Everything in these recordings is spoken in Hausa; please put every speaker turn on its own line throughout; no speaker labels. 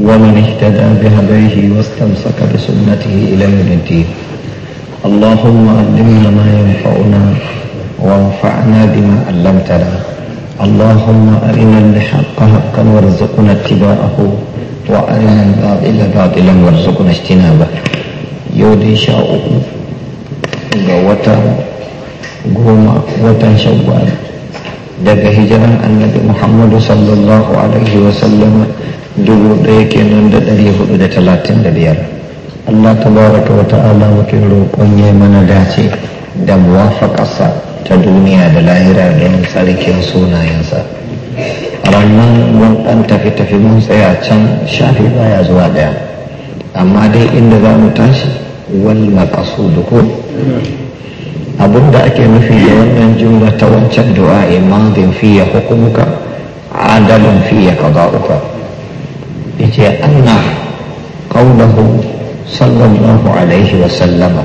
ومن اهتدى بهديه واستمسك بسنته إلى يوم الدين اللهم علمنا ما ينفعنا وانفعنا بما علمتنا اللهم أرنا الحق حقا وارزقنا اتباعه وأرنا الباطل باطلا وارزقنا اجتنابه يودي شاء وتر goma watan shawwal daga hijiran annabi muhammadu sallallahu alaihi wasallam dubu ɗaya kenan da ɗari hudu da talatin da biyar Allah Ta baraka wa ta'ala muke roƙon ya mana dace da muwafaƙarsa ta duniya da lahira don tsarkin sunayensa a ranar mun tafi-tafi mun tsaya can shafi baya zuwa ɗaya amma dai inda za mu tashi wal da ko da ake nufi da wannan jumla ta wancan du'a imadin fiye hukumuka fiye ka qada'uka yace anna qawluhu sallallahu alaihi wa sallama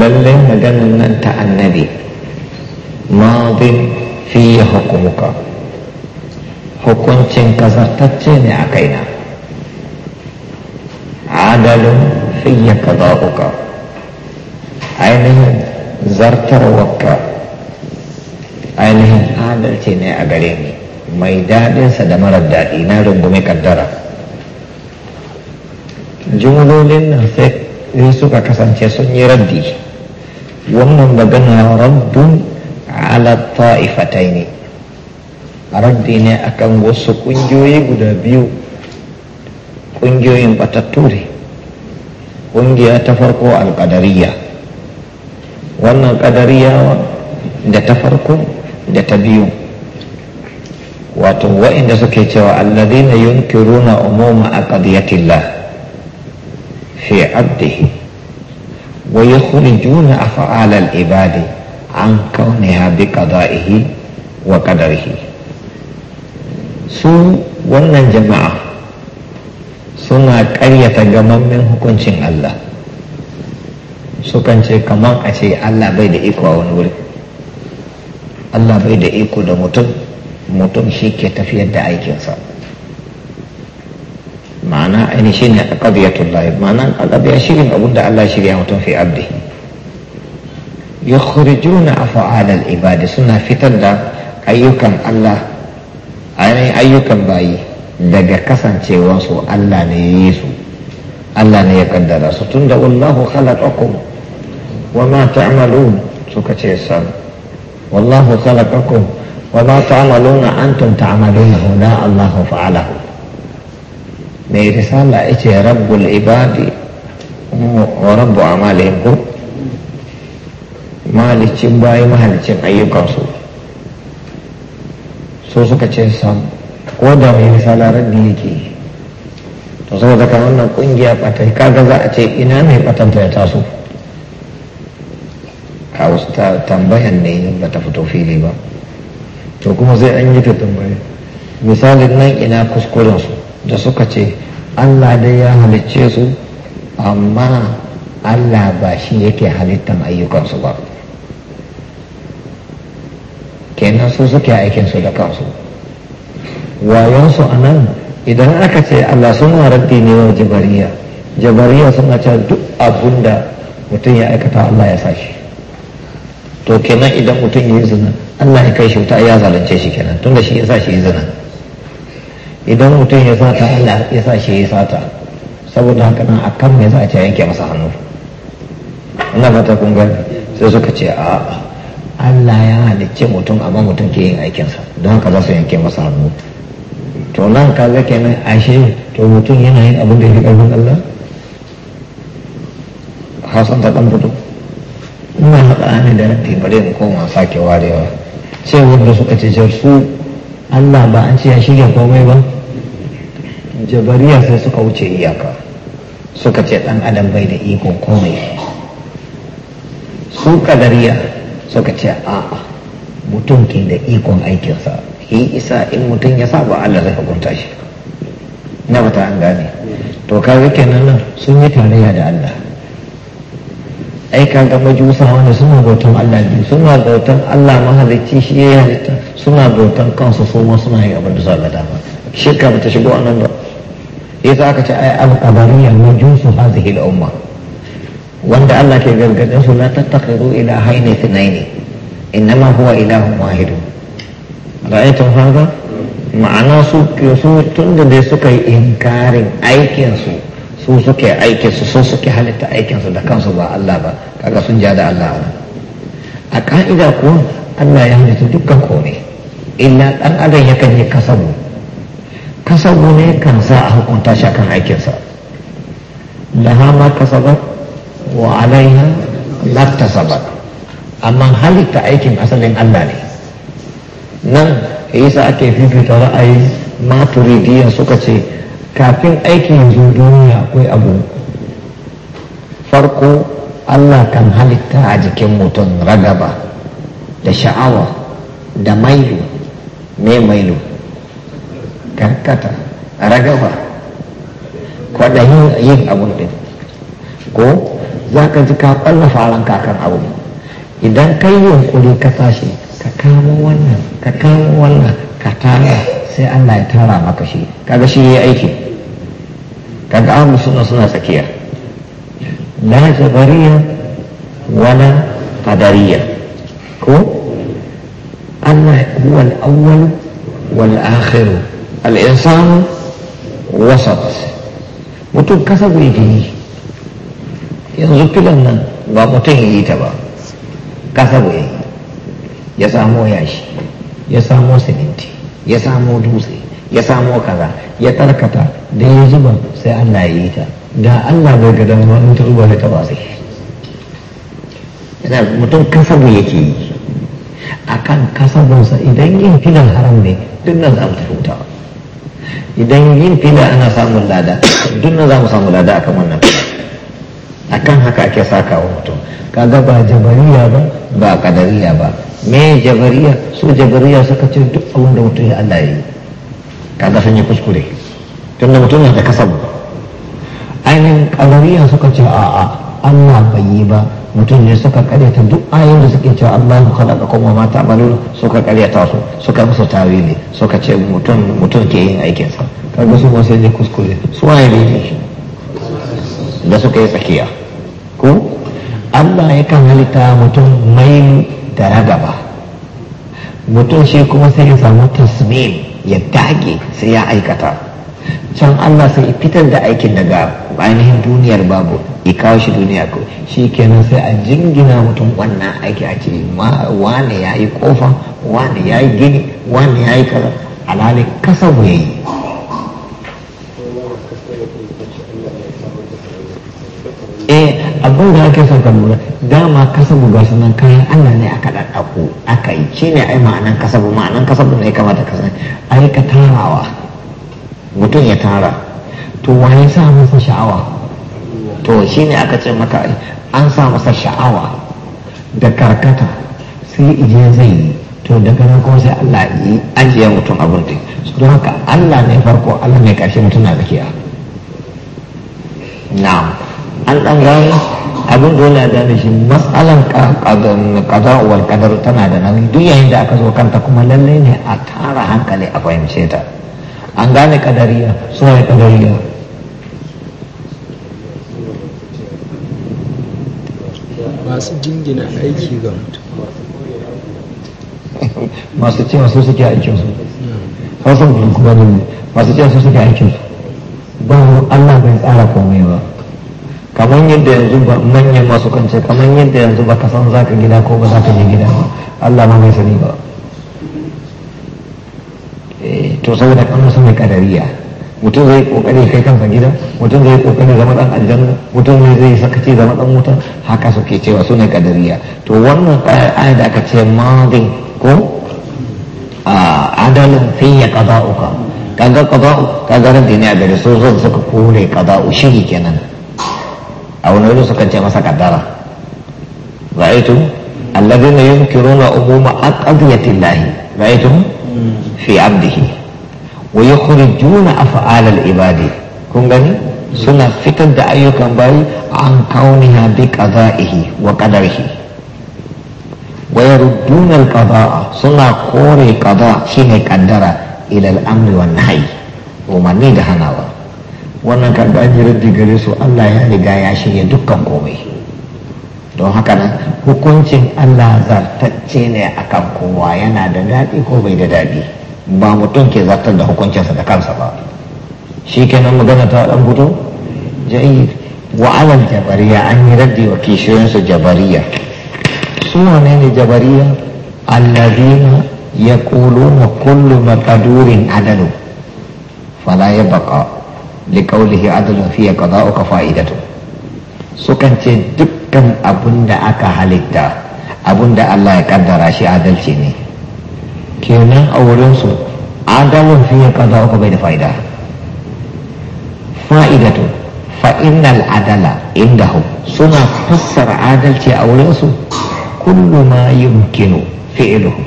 lalle maganan nan ta annabi madin fi hukumuka hukuncin kazartacce ne a kaina adalin fiye kazahuka ainihin zartarwarka ainihin adalci ne a gare ni mai daɗinsa da marar daɗi na rungume kaddara jumlolin nan sai suka kasance sun yi raddi wannan magana raddun ala ta'ifatai ne raddi ne akan wasu ƙungiyoyi guda biyu ƙungiyoyin batattu ne ƙungiya ta farko alƙadariya wannan ƙadariya da ta farko da ta biyu wato wa'inda suke cewa alladhina yunkiruna umuma aqdiyatillah fi abdihi wa yukhrijuna a al-ibadi an kauniha bi qada'ihi wa qadarihi su wannan jama'a suna ƙaryata gamammen hukuncin Allah sukan ce kamar a ce Allah bai da iko a wani wuri Allah bai da iko da mutum mutum shi ke tafiyar da aikinsa ma'ana aini shi ne a ƙabiyatullahi ma'ana a ƙabiya shirin abin da Allah shirya mutum fi abdi ya a af'alal ibadi suna fitar da ayyukan Allah ainihin ayyukan bayi daga kasancewarsu Allah ne ya yi su Allah ne ya kaddara su tun da wallahu khalaqakum wa ma ta'malun suka ce san wallahu khalaqakum وما تعملون أنتم تعملونه لا الله فعله ني رسالة إتي رب العباد ورب أعمالهم ما لتشم باي ما لتشم أي قصو سوسك تشم ودم رسالة ربيك تصور ذكا أن قنجي أبتك كذا ذاتي إنان هبتن تأتاسو كاوستا تنبيا النين بتفتو في ليبا to kuma zai an yi ta tambaye misalin nan ina kuskuren su da suka ce allah dai ya halicce su amma allah ba shi yake halittan ayyukansu ba kenan su suke aikinsu da kansu wayonsu a nan idan aka ce allah sun raddi ne wa jabariya jabariya suna ce duk abun da mutum ya aikata allah ya sa to kenan idan mutum ya yi zina Allah ya kai shi wuta ya zalunce shi kenan tunda shi ya sa shi zina idan mutum ya ta Allah ya sa shi ya sata saboda haka nan akan me za a ce yanke masa hannu ina ba ta gani sai suka ce a Allah ya halicce mutum amma mutum ke yin aikinsa don haka za su yanke masa hannu to nan ka ga kenan ashe to mutum yana yin abin da ya fi ƙarfin Allah Hassan ta ɗan fito ina haɗa ne da na bare mu koma sake warewa sai wanda suka ce su Allah ba an ce ya shirya komai ba jabariya sai suka wuce iyaka suka ce dan adam bai da ikon komai su kadariya suka ce a'a mutum ke da ikon aikinsa yi isa in mutum ya saba Allah zai hukunta shi na bata an gane to kaga kenan nan sun yi tarayya da Allah ai ka ga majusa wanda suna bautan Allah ne suna bautan Allah mahalicci shi ya halitta suna bautan kansu su ma suna yi abin da za ga dama shirka bata shigo a nan ba ya za aka ce ai al-qadariyya majusu hazihi al-umma wanda Allah ke gargadin su la tattakhiru ilahaini thnaini innama huwa ilahu wahidun ra'aytum hadha ma'ana su su tunda dai suka yi inkarin aikin su su suke aiki su sun suke halitta aikinsu da kansu ba Allah ba kaga sun ja da Allah a ka'ida kuwa Allah ya halitta dukkan kone. illa dan adam yakan yi kasabu kasabu ne kan sa a hukunta shi kan aikinsa laha ma kasabat wa alaiha laktasabat amma halitta aikin asalin Allah ne nan yasa ake fifita ra'ayin maturidiyan suka ce kafin aikin yanzu duniya akwai abu farko allah kan halitta a jikin mutum ragaba da sha'awa da mailu me mailu karkata ragaba kwaɗayin yin abun ɗin ko za ka ji ka kwallo faran kakan abu idan kai yunkuri ka tashi ka kamo wannan ka kamo wannan ka tara sai Allah ya tara maka shi kaga shi ya aiki kaga amu suna suna tsakiya la jabariya wala qadariya ko Allah huwa al-awwal wal akhir al-insan wasat mutum kasa bai gini yanzu filan nan ba mutum ya yi ta ba kasa bai ya samo yashi ya samo siminti ya samo dutse ya samo kaza ya tarkata da ya zuba sai Allah ya yi ta da Allah bai ga dama in ta zuba ta ba sai yana mutum kasabu yake yi akan kasabunsa idan yin filan haram ne duk nan za mu ta wuta idan yin filan ana samun lada duk nan za mu samu lada akan wannan akan haka ake saka wa mutum kaga ba jabariya ba ba kadariya ba me jabariya su jabariya suka ce duk abin da mutum ya Allah ya yi kada sun yi kuskure tunda mutum na da kasabu ainihin kadariya suka ce a'a Allah bai yi ba mutum ne suka karyata duk ayoyin da suke cewa Allahu da kuma mata ta'malun suka karyata su suka musu tawili suka ce mutum mutum ke yin aikin sa kaga su ma ne kuskure su waye ne da suka yi tsakiya ko Allah yakan halitta mutum mai da ragaba mutum shi kuma sai ya samu tasmin ya dage sai ya aikata can Allah sai fitar da aikin daga ainihin duniyar babu ya kawo shi duniya ko shi kenan sai a jingina mutum wannan aiki a ce wane ya yi kofa wane ya yi gini wane ya yi kasa alalin kasa ya yi abin da ake son kan lura dama kasabu ga su nan kayan Allah ne aka ɗaɗɗako aka yi shi ne ai ma'anan kasabu ma'anan kasabu ne kamata ka sani ai ka tarawa mutum ya tara to wa ya sa masa sha'awa to shi ne aka ce maka an sa masa sha'awa da karkata sai ije zai yi to daga nan kuma sai Allah yi ajiye mutum abin da su don haka Allah ne farko Allah ne ƙarshe mutum na zakiya na'am an ɗan gano abin dole a gane shi matsalan ƙadar uwar ƙadar tana da nan duk yayin da aka zo kanta kuma lallai ne a tara hankali a fahimce ta an gane ƙadariya suna yi ƙadariya masu jingina aiki ga mutum masu cewa su suke aikinsu hausa mutum kuma ne masu cewa su suke aikinsu ba Allah bai tsara komai ba kamar yadda yanzu ba manyan masu kance kamar yadda yanzu ba ka san za ka gida ko ba za ka je gida ba Allah ma bai sani ba eh, to saboda kan su mai kadariya mutum zai kokari kai kansa gida mutum zai kokari zama dan aljanna mutum zai zai sakaci zama dan wuta haka suke cewa su ne kadariya to wannan ayar da aka ce madi ko adalin fiye qada'uka kaga qada'u kaga ran ne a gare su zan suka kore qada'u shi kenan a wani wuri sukan ce masa kaddara ra'aytum alladhina ibadi kun suna fitar da ayyukan bayi ويردون القضاء سنة كوري قضاء شيء قدرة إلى الأمر والنهي ومن نيد wannan karɓar da gare su Allah ya riga ya shirya dukkan komai don haka nan hukuncin Allah zartacce ne a kan kowa yana da daɗi ko bai da daɗi ba mutum ke zartar da hukuncinsa da kansa ba shi kenan magana ta ɗan fito jayi wa alal jabariya an yi raddi wa kishiyoyinsu jabariya su wane ne jabariya allazina kullum a ƙadurin adalu fala ya baka. liƙaulihi adalun fiye qada'uka fa'idatu sukan ce dukkan abun da aka halitta abun da Allah ya kaddara shi adalci ne kenan a wurinsu adalun fiye qada'uka bai da fa'ida fa'idatu fa innal adala indahu suna fassara adalci a wurinsu kullu ma yumkinu fi'luhu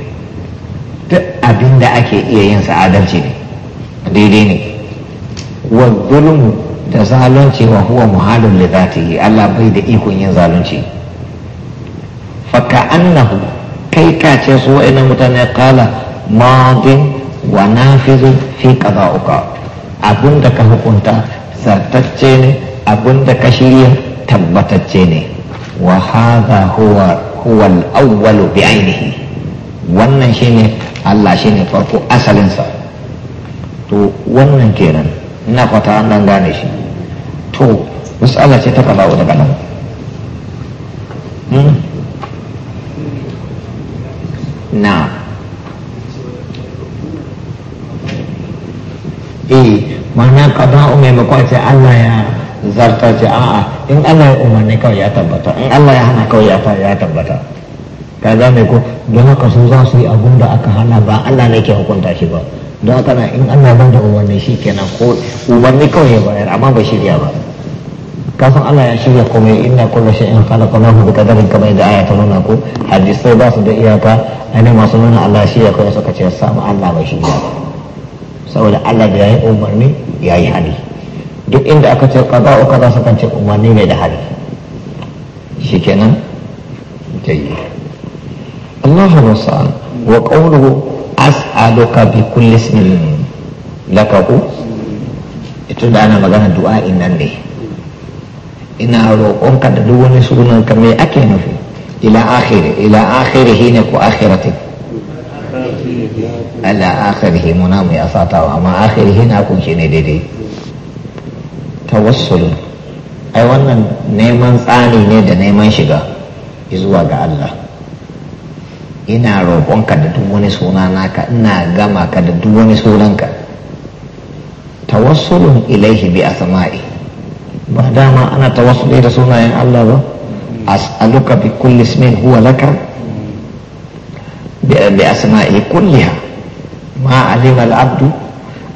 duk abin da ake iya yin sa adalci ne daidai ne wa da zalunci wa huwa muhalun li Allah bai da ikon yin zalunci fa ka'annahu kai ka ce su wa'annan mutane kala madin wa nafizun fi qada'uka da ka hukunta zartacce ne da ka shirya tabbatacce ne wa hadha huwa huwa al bi ainihi wannan shine Allah shine farko asalinsa to wannan kenan na kwata nan gane shi to matsala ce ta bala'u daga nan hmm? na e eh, mana qada'u maimakon sai Allah ya zarta ce a'a in Allah ya umarni kawai ya tabbata in Allah ya hana kawai ya ya tabbata ka zame ko don haka su za su yi abun da aka hana ba Allah ne ke hukunta shi ba don haka na in Allah ban da umarni shi kenan ko umarni kawai ya bayar amma ba shirya ba kasan Allah ya shirya komai inna kullu shay'in khalaqnahu bi qadarin kamar da aya ta nuna ko hadisai ba su da iyaka ne masu nuna Allah shi ya kawai suka ce samu Allah ba shirya ba saboda Allah da yayi umarni yayi hali duk inda aka ce qada o kaza suka ce umarni ne da hali shikenan tayi Allahu musta'an wa qawluhu as'aluka bi kulli ismin laka ku ita da ana magana du'a nan ne ina ka da duk wani sunan ka me ake nufi ila akhiri ila akhiri ne ko akhirati ala akhirihi muna mu ya wa amma akhiri na ku shine ne daidai tawassul ai wannan neman tsani ne da neman shiga zuwa ga Allah ina roƙonka da duk wani suna naka ina gama ka da duk wani sunanka tawassulun ilaihi bi asma'i ba dama ana tawassuli da sunayen Allah ba as'aluka bi kulli ismin huwa laka bi asma'i kulliha ma alima abdu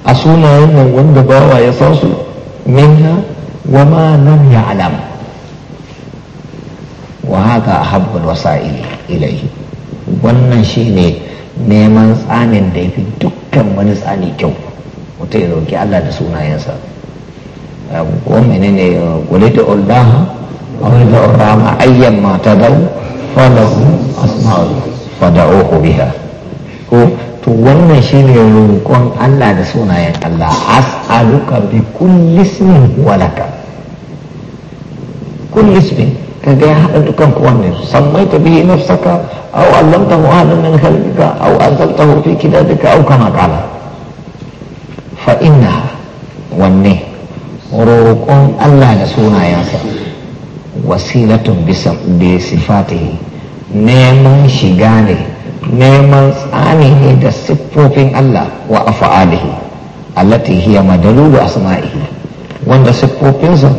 a sunayen nan wanda bawa ya san su minha wa ma lam ya'lam wa haka ahabbul wasa'il ilaihi wannan shi ne neman tsanin da ya fi dukkan wani tsani kyau mutum ya zauki Allah da sunayensa ko ne kuli da Allah wani da ma ayyan ma ta dau falahu asma'ul fada'uhu biya, ko to wannan shi ne roƙon Allah da sunayen Allah as'aluka bi kulli walaka kulli kaga eh, ya eh, haɗa dukan kowanne su sammai ta na saka au allamtahu ahadan min khalqika au anzaltahu fi kitabika au kama qala fa wanne roƙon Allah da sunayensa wasilatun bisa bi yi neman shiga ne neman tsani ne da siffofin Allah wa afa'alihi allati hiya madalulu asma'i wanda siffofinsa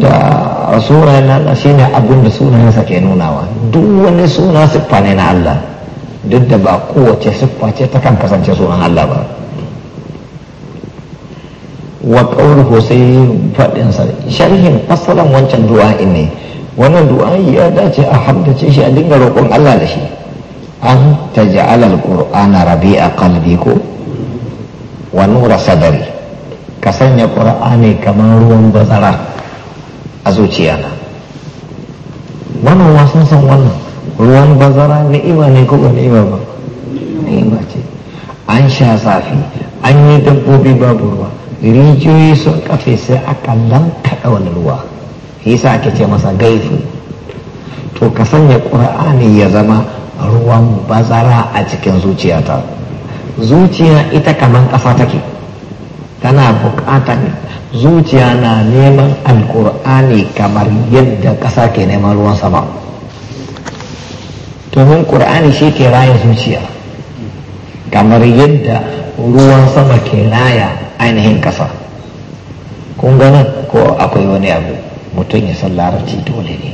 da sunayen Allah ne abin da sunayensa ke nunawa duk wani suna siffa ne na Allah duk da ba kowace siffa ce ta kan kasance sunan Allah ba wa ƙaunar sai faɗinsa sharhin asalan wancan du'a ne wannan du'a ya dace a haddace shi a dinga roƙon Allah da shi an ta ƙur'ana rabi a kalbi ko wa nura sadari ka sanya qur'ani kamar ruwan bazara a zuciya na manoma sun san wannan ruwan bazara ni'ima ne ko ba ni'ima ba ni'ima ce an sha safi an yi dabbobi babu ruwa rijiyoyi sun kafe sai aka lankaɗa wani ruwa yasa ake ce masa gaifu to ka sanya ƙur'ani ya zama ruwan bazara a cikin zuciyata zuciya ita kamar ƙasa take tana buƙatar zuciya na neman alƙur'ani kamar yadda ƙasa ke neman ruwan sama domin ƙur'ani shi ke raya zuciya kamar yadda ruwan sama ke raya ainihin ƙasa kun gana ko akwai wani abu mutum ya san larabci dole ne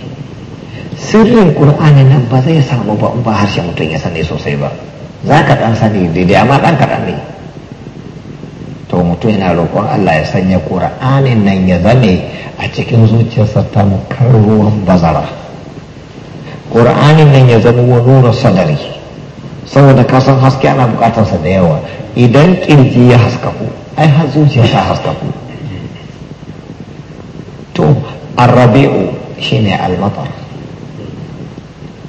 sirrin ƙur'ani nan ba zai samu ba in ba harshe mutum ya sani sosai ba za ka ɗan sani daidai amma ɗan kaɗan ne to mutum yana roƙon Allah ya sanya ƙura'anin nan ya zame a cikin zuciyarsa ta mukar ruwan bazara ƙura'anin nan ya zama wa nuna sadari saboda kasan haske ana buƙatarsa da yawa idan ƙirji ya haskaku ai har zuciya ta haskaku to arrabi'u ne almatar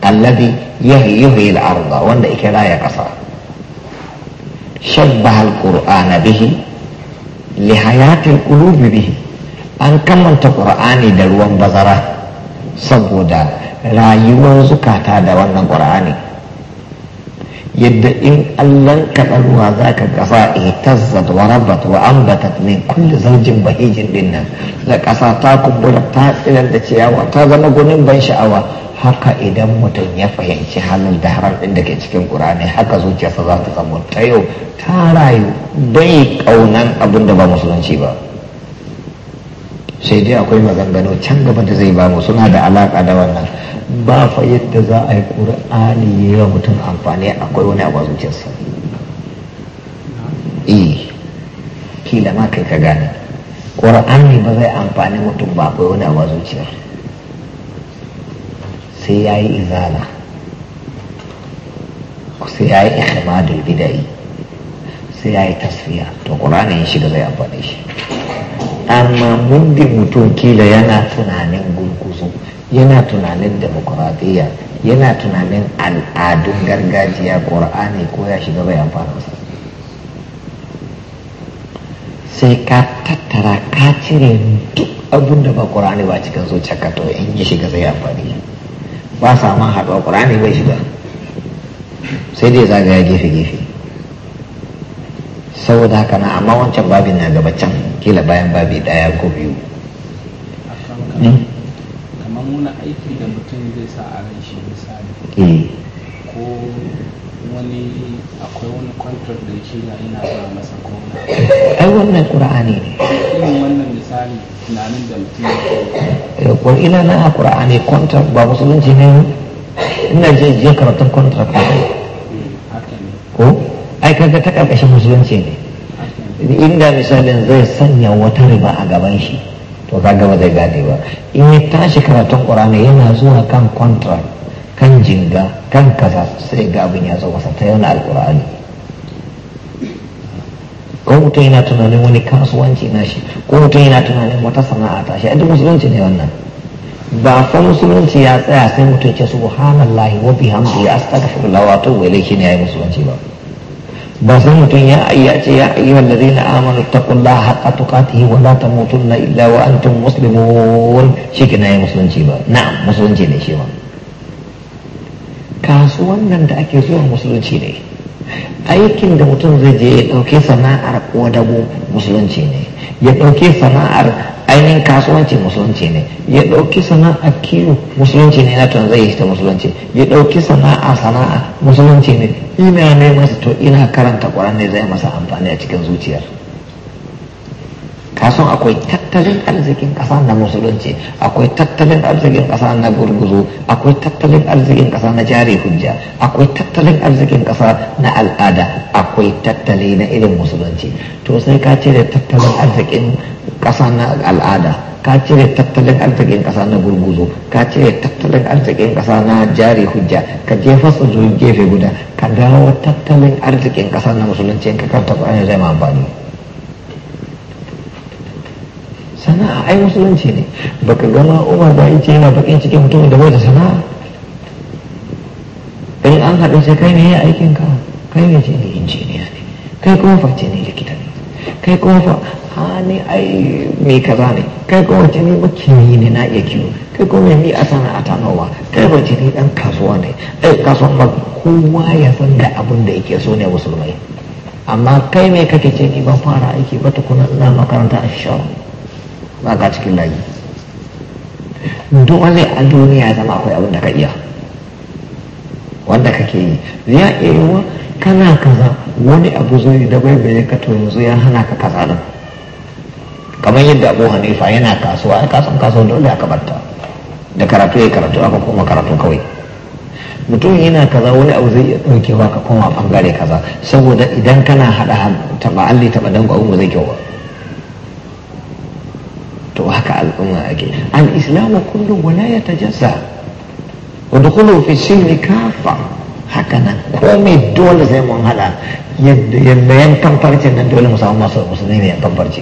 alladhi yuhyi al-ardha wanda yake raya ƙasa shabbaha al-qur'ana bihi lihayatin qulubi bihi an kamanta qur'ani da ruwan bazara saboda rayuwar zukata da wannan qur'ani yadda in allan ka ruwa za ka ƙasa ihtazzat wa rabat wa ambatat min kulli zawjin bahijin dinnan da ƙasa ta kumbura ta tsinar da ciyawa ta zama gunin ban sha'awa haka idan mutum ya fahimci halin da haram ɗin da ke cikin ƙurani haka zuciyarsa za ta zama ta yau ta rayu bai ƙaunan abin da ba musulunci ba sai dai akwai maganganu can gaba da zai ba mu suna da alaƙa da wannan ba fa yadda za a yi ƙur'ani ya yi wa mutum amfani akwai wani abu a zuciyarsa eh kila ma kai ka gane ƙur'ani ba zai amfani mutum ba akwai wani abu a zuciyarsa sai ya yi izala sai ya yi ikhmadul bida'i sai ya yi tasfiya to ƙuranin ya shiga zai amfani shi amma mundin mutum kila yana tunanin gurguzu yana tunanin demokuraɗiyya yana tunanin al'adun gargajiya ƙur'ani ko ya shiga bai su sai ka tattara ka cire duk abin ba ƙur'ani ba cikin zuciya ka to in ya shiga zai amfani ba sa ma haɗuwa ƙur'ani bai shiga sai dai zagaya gefe-gefe saboda haka na amma wancan babin na gaba can kila bayan babi ɗaya ko biyu kamar muna hmm? aiki da mutum zai sa a wani akwai wani kwantar da yake na ina ba masa kona ai wannan qur'ani ne irin wannan misali tunanin da mutum ya ko eh, ina na qur'ani kwantar ba musulunci ne ina je je karatun kwantar hmm, ko ko ai kaga ta karkashin musulunci ne inda misalin zai sanya wata riba a gaban shi to kaga ba zai gane ba in ya tashi karatun qur'ani yana zuwa kan contract kan jinga kan kaza sai ga abin ya zo masa ta yana alkur'ani ko mutum yana tunanin wani kasuwanci na shi ko mutum yana tunanin wata sana'a ta shi duk musulunci ne wannan ba fa musulunci ya tsaya sai mutum ya ce subhanallahi wa bihamdihi astaghfirullah wa tawwa ilayhi ne ya musulunci ba ba sai mutum ya ya ce ya ayyuhal ladina amanu taqullaha haqqa tuqatihi wa la tamutunna illa wa antum muslimun shi ke ya musulunci ba na'am musulunci ne shi ba kasuwan nan da ake zuwa musulunci ne aikin da mutum zai je ya ɗauke sana'ar kodago musulunci ne ya ɗauke sana'ar ainihin kasuwanci musulunci ne ya ɗauki sana'ar kiwo musulunci ne na tun zai ta musulunci ya ɗauki sana'a sana'a musulunci ne ina ne masa to ina karanta ƙwararren zai masa amfani a cikin zuciyar kasan akwai tattalin arzikin kasa na musulunci akwai tattalin arzikin kasa na gurguzu akwai tattalin arzikin ƙasa na jari hujja akwai tattalin arzikin ƙasa na al'ada akwai tattali na irin musulunci to sai ka cire tattalin arzikin ƙasa na al'ada ka cire tattalin arzikin kasa na gurguzu ka cire tattalin arzikin ƙasa na jari hujja ka jefa su gefe guda ka dawo tattalin arzikin ƙasa na musulunci ka karta ƙwarar zai amfani. sana'a ai musulunci ne baka gama umar ba yace yana bakin cikin mutumin da bai sana'a in an haɗu sai kai ne ya aikin ka kai ne ce ne injiniya ne kai kuma fa ce ne likita ne kai kuma fa a ne ai mai kaza ne kai kuma ce ne makini ne na iya kiwo kai kuma mi a ta nawa kai ba ce ne dan kasuwa ne ai kasuwan ba kowa ya san da abin da yake so ne musulmai amma kai mai kake ce ni ban fara aiki ba tukuna ina makaranta a shawarar ba ka cikin layi dole a duniya zama akwai abin da ka iya wanda kake yi ya iya kana kaza wani abu zai da bai bai ka to yanzu ya hana ka kaza din kamar yadda abu hanifa yana kasuwa ya kasan kasuwa dole aka barta da karatu ya karatu aka koma karatu kawai mutum yana kaza wani abu zai iya ɗaukewa ka koma bangare kaza saboda idan kana haɗa ta ba'alli ta badan abu ba zai kyau ba to haka al'umma ake al-islamu kullum wala ya tajassa wa dukulu fi ne kafa haka nan komai dole sai mun hada yadda yankan farce nan dole mu samu masu musulmi ne yankan farce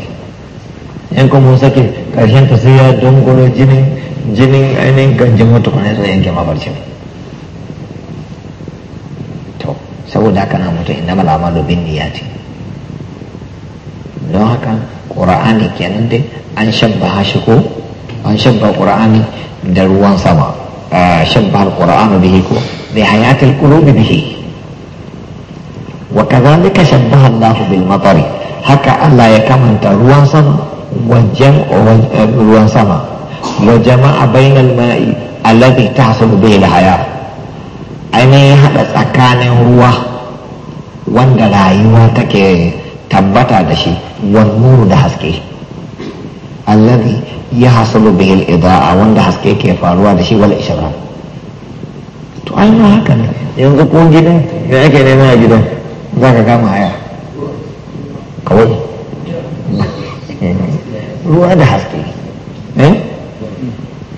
yan kuma mun sake karshen ta sai ya dongono jinin jinin ainihin ganjin wata ne zai yanke mafarcin to saboda haka na mutu inda malama lobin niyati don haka ƙura'ani kenan dai an shabba shi ko an shabba ƙura'ani da ruwan sama ah, shabba al-ƙura'anu bihi ko bi hayatil qulubi bihi wa kadhalika shabbaha Allah bil matari haka Allah ya kamanta ruwan sama wajen eh, ruwan sama wa jama'a bainal ma'i alladhi tahsulu bihi al-hayat ainihin haɗa tsakanin ruwa wanda rayuwa take tabbata da shi nuru da haske allazi ya hasalu bihi al-ida'a wanda haske ke faruwa da shi wal ishara to ai ma haka ne yanzu ko gidan da ake nema a gidan za ka kama haya kawai ruwa da haske eh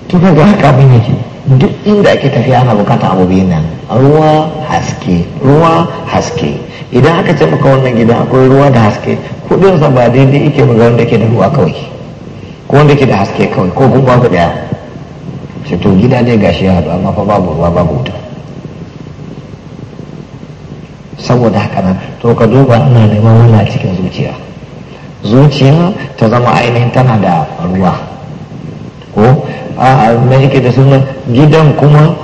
to ga haka abin yake duk inda ake tafiya ana bukata abu biyun nan ruwa haske ruwa haske idan aka ce maka wannan gida akwai ruwa da haske kudinsa ba daidai yake ba ga wanda ke da ruwa kawai ko wanda ke da haske kawai ko kuma babu daya ce to gida dai gashi ya haɗu amma fa babu ruwa babu wuta saboda haka nan to ka duba ana neman wannan cikin zuciya zuciya ta zama ainihin tana da ruwa ko a me yake da sunan gidan kuma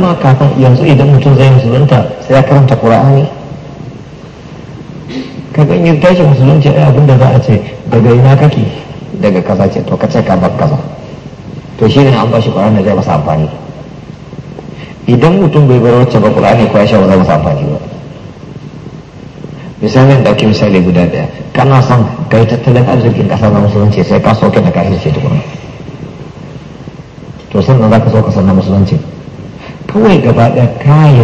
ma kafin yanzu idan mutum zai musulunta sai ya karanta ƙura'ani? ka ga in tashi musulunci a abinda da za a ce daga ina kake daga kaza ce to ka ce ka bar kaza to shi ne an ba shi ƙura'ani zai masa amfani idan mutum bai bar wacce ba ƙura'ani ko ya sha ba zai masa amfani ba misali da ɗauki misali guda ɗaya kana son ka yi tattalin arzikin ƙasa na musulunci sai ka soke da ce tukuna to sannan za ka so ka sannan musulunci kawai gaba ɗaya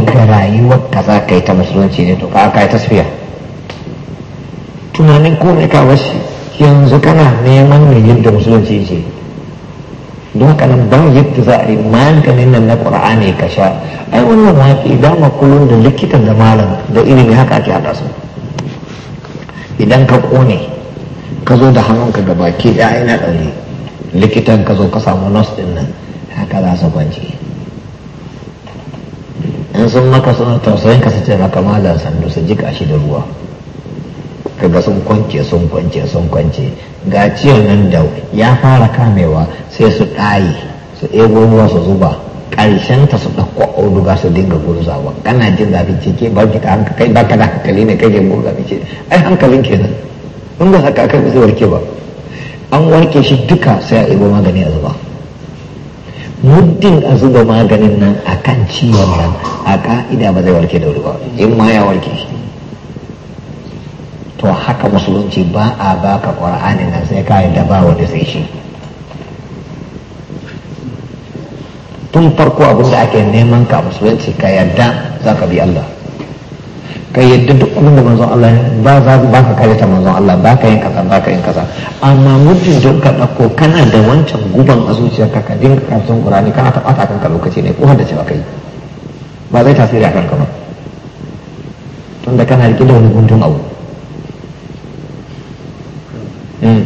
ka da rayuwar ka za ka yi ta musulunci ne to ka yi tasfiya tunanin komai ka bashi yanzu kana neman mai yadda musulunci ce don kanan ban yadda za a yi maganin nan na ƙur'ani ka sha ai wannan waƙi dama kullum da likitan da malam da ilimi haka ake haɗa su idan ka ƙone ka zo da hannunka ga gabaki ɗaya ina ɗaure likitan ka zo ka samu nos ɗin nan haka za su kwanci in sun maka suna tausayin ka su maka malam sandu su jika shi da ruwa kaga sun kwance sun kwance sun kwance ga ciyar nan da ya fara kamewa sai su ɗaye su ɗebo ruwa su zuba ƙarshen ta su ɗauko auduga su dinga gurzawa kana jin zafi ke ba ki ka kai ba ka da hankali ne kai gurza zafi ce ai hankalin kenan in ba haka kai bisa warke ba an warke shi duka sai a ɗebo magani a zuba muddin a zuba maganin nan a kan ciwon nan a ka'ida ba zai warke da wuri ba in ma ya warke to haka musulunci ba a baka ƙwar'ani nan sai kayan da ba wanda sai shi tun farko abinda ake neman ka musulunci ka yarda za ka bi Allah ka yadda duk abin da manzon Allah ba za ba ka kare ta manzon Allah ba ka yin kaza ba ka yin kaza amma mutum don ka dauko kana da wancan guban a zuciyarka ka dinga karatun Qur'ani kana ta bata kanka lokaci ne ko har da cewa kai ba zai tasiri a kanka ba tunda kana rike da wani gundun abu hmm.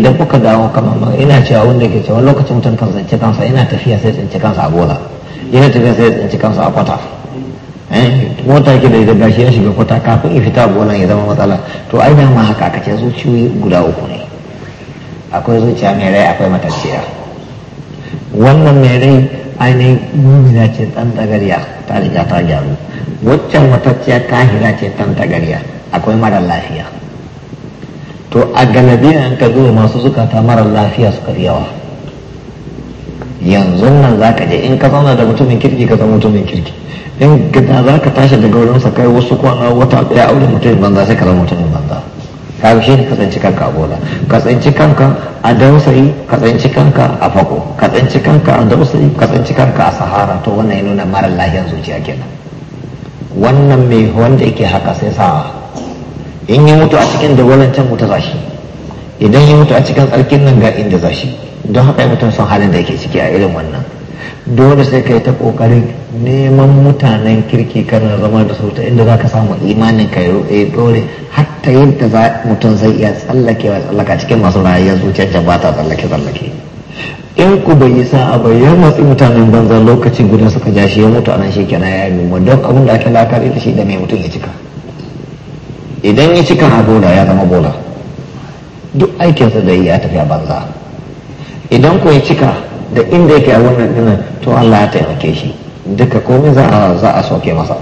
idan kuka dawo kamar ina cewa wanda ke cewa lokacin mutum kan zance kansa ina tafiya sai tsinci kansa a bola ina tafiya sai tsinci kansa a kwata eh, mota ke da ita gashi ya shiga kwata kafin in fita bola ya zama matsala to ai da ma haka kace zuciyoyi guda uku ne akwai zuciya mai rai akwai matacciya wannan mai rai ainihin mumina ce ɗan tagariya ta riga ta gyaru waccan matacciya ta hira ce ɗan tagariya akwai mara lafiya to a galabiyan ka zo masu zukata mara lafiya suka fi yawa yanzu nan za ka je in ka zauna da mutumin kirki ka zama mutumin kirki in gada za ka tashi daga wurin sa kai wasu kwana wata ɗaya aure mutumin banza sai ka zama mutumin banza ka shi ne ka tsanci kanka a bola ka tsanci kanka a dausayi ka tsanci kanka a fako ka tsanci kanka a dausayi ka tsanci kanka a sahara to wannan ya nuna mara lahiyar zuciya kenan wannan mai wanda yake haka sai sa'a in yi mutu a cikin dagwalon can za zashi idan yi mutu a cikin tsarkin nan ga inda zashi don haka mutum son halin da yake ciki a irin wannan dole sai ka yi ta kokarin neman mutanen kirki kana zama da su inda za ka samu imanin ka ya dole hatta yadda mutum zai iya tsallakewa tsallaka cikin masu rayuwar zuciyar da ba tsallake tsallake in ku bai yi sa'a ba ya matsi mutanen banza lokaci guda suka ja shi ya mutu a nan shekara ya yi don abin da ake lakari da shi da mai mutum ya cika idan ya cika bola ya zama bola duk aikinsa da ya tafi a banza idan ko ya cika da inda yake a wannan dinan to Allah ya taimake shi duka komai za a za a soke masa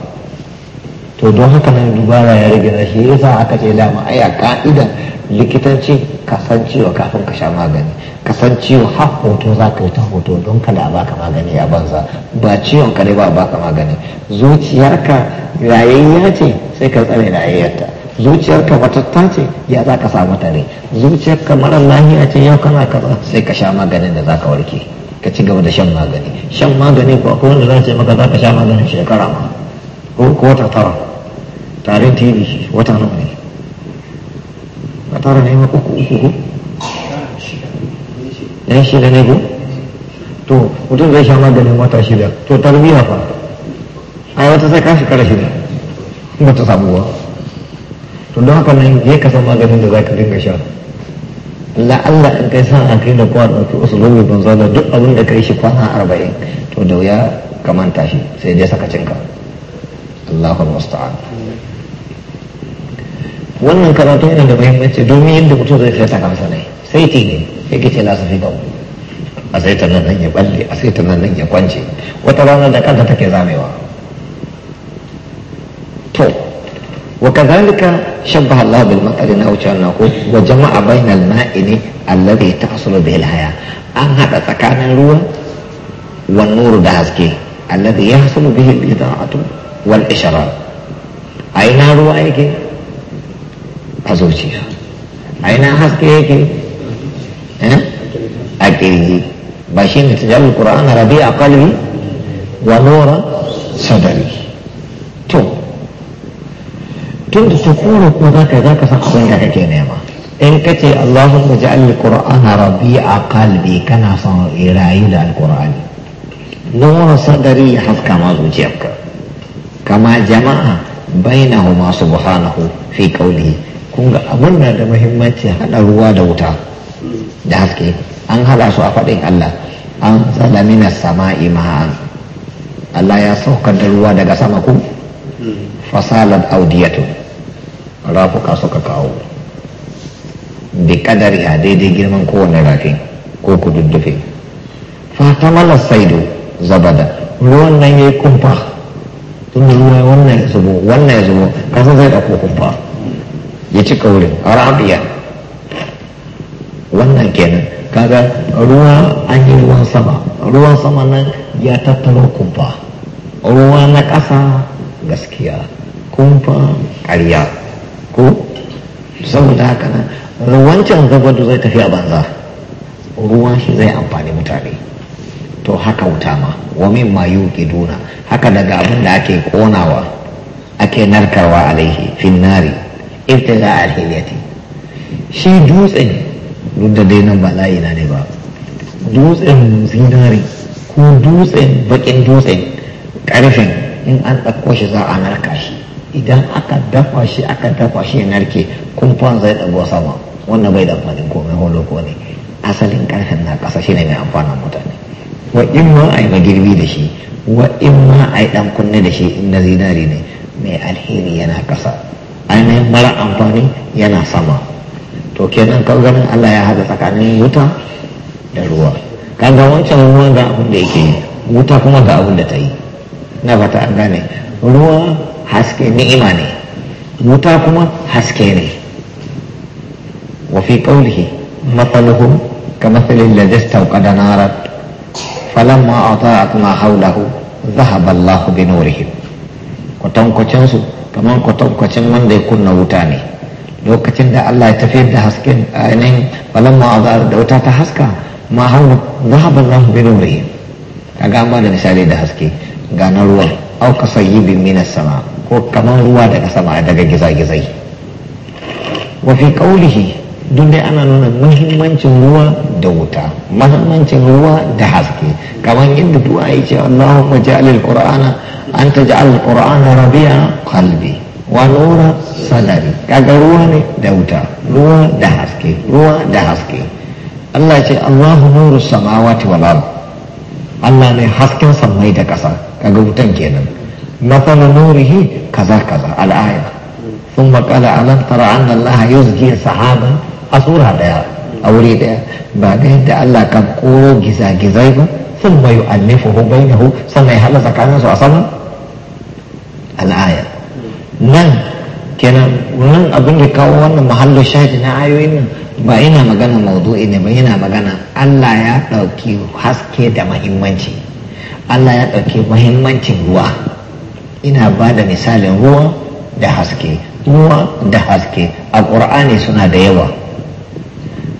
to don haka nan dubara ya rage na shi yasa aka ce dama ai a ka'ida likitanci ka san kafin ka sha magani ka san ciwo har hoto za ka yi ta hoto don kada a baka magani a banza ba ciwon ka ne ba a baka magani zuciyarka rayayya ce sai ka tsare rayayyarta zuciyarka matatta ce ya za ka samu tare zuciyarka marar lahiya ce yau kana kaza sai ka sha maganin da za ka warke ka ci gaba da shan magani shan magani ko akwai wanda za ce maka za ka sha maganin shekara ma ko ko wata tara tarin tv wata nawa ne a tara ne maka uku uku ko yan shida ne ko to mutum zai sha maganin wata shida to tarbiyya fa a wata sai ka shekara shida ba ta samu ba to don haka nan je ka san maganin da za ka dinga sha la'alla in kai san an kai da kowa ɗauki usulobi banza da duk abin da kai shi kwana arba'in to da wuya ka manta shi sai dai saka cinka Allahu musta'an wannan karatu yana da muhimmanci domin yadda mutum zai saita kansa ne sai ti ne sai ke ce la safi ba a sai ta nan ya balle a sai ta nan ya kwance wata rana da kanta take zamewa وكذلك شبه الله بالمطر أو نقول وجمع بين الماء الذي تحصل به الحياة أن هذا تكان الروح والنور دازكي الذي يحصل به الإضاءة والاشرار أين الروح أزوجيها أين حسكي يكي أكيد بشين تجل القرآن ربيع قلبي ونور صدري تو tun da su kuma ko za ka za ka san abin da kake nema in ka ce Allahumma ja'al al-Qur'an rabi'a kalbi kana son rayu da alƙura'ani qurani wani sadari ya haska ma zuciyarka kama jama'a buhana hu fi qawlihi kun ga abin da da muhimmanci haɗa ruwa da wuta da haske an haɗa su a faɗin Allah an zala minas sama'i ma'an Allah ya saukar da ruwa daga sama ku fasalat audiyatu rafuka suka kawo da kadari a daidai girman kowane rafi ko kududdufe fata mala saido zabada ruwan nan ya yi kumfa tun da ruwa wannan ya zubo wannan ya zubo kasa zai ɗauko kumfa ya ci wurin a rabiya wannan kenan kaga ruwa an yi ruwan sama ruwan sama nan ya tattaro kumfa ruwa na ƙasa gaskiya kumfa ƙarya ko saboda haka nan wancan da zai tafi a banza ruwan shi zai amfani mutane to haka wuta ma wa min ma duna haka daga abin da ake konawa ake narkarwa alaihi fin nari a alhiliyati shi dutsen duk da dai nan ba layi na ne ba dutsen zinari ko dutsen bakin dutsen karfin in an ɗauko shi za a narka shi idan aka dafa shi aka dafa shi narke kumfan zai dago sama wannan bai da amfanin komai ko ne asalin karfen na kasa shi ne mai amfanin mutane wa in ma a yi magirbi da shi wa in ma a yi dan kunne da shi in na zinari ne mai alheri yana kasa ainihin mara amfani yana sama to kenan kan ganin allah ya haɗa tsakanin wuta da ruwa kaga wancan ruwa ga abin da yake yi wuta kuma ga abin da ta yi na fata an gane ruwa haske ni'ima ne wuta kuma haske ne wafi wa fi qawlihi mathaluhum kamathali alladhi istawqada naran falamma ata'at a hawlahu dhahaba Allahu bi nurihim kwatankwacinsu kamar kwatankwacin wanda ya kunna wuta ne lokacin da Allah ya tafi da hasken ainihin falon ma'auta da wuta ta haska ma hawa zahaban lahu bi nurihim ga gama da misali da haske ga na ruwan au ka sayyibin minas sama ko kamar ruwa daga sama daga gizagizai wa fi duk dai ana nuna muhimmancin ruwa da wuta muhimmancin ruwa da haske kamar yadda duwa ya ce Allahumma ja'alil qur'ana anta ja'alil qur'ana rabi'a qalbi wa nura sadari kaga ruwa ne da wuta ruwa da haske ruwa da haske Allah ce Allahu nuru samawati wal ardh Allah ne hasken sammai da ƙasa kaga wutan kenan مثل نوره كذا كذا الآية ثم قال ألم ترى أن الله يزجي سحابا أصورها ديا أوري ديا بعدين دي الله كم قولوا جزا جزايبا ثم يؤلفه بينه سنة هل زكانا سوى الآية نن كنا نن أبن لكاوانا محل الشاهد نعايو إنه ba ina magana maudu'i ne ba yana magana Allah ya ɗauki haske da mahimmanci Allah ya ɗauki mahimmancin ruwa ina ba da misalin ruwa da haske ruwa da haske a ƙur'ani suna da yawa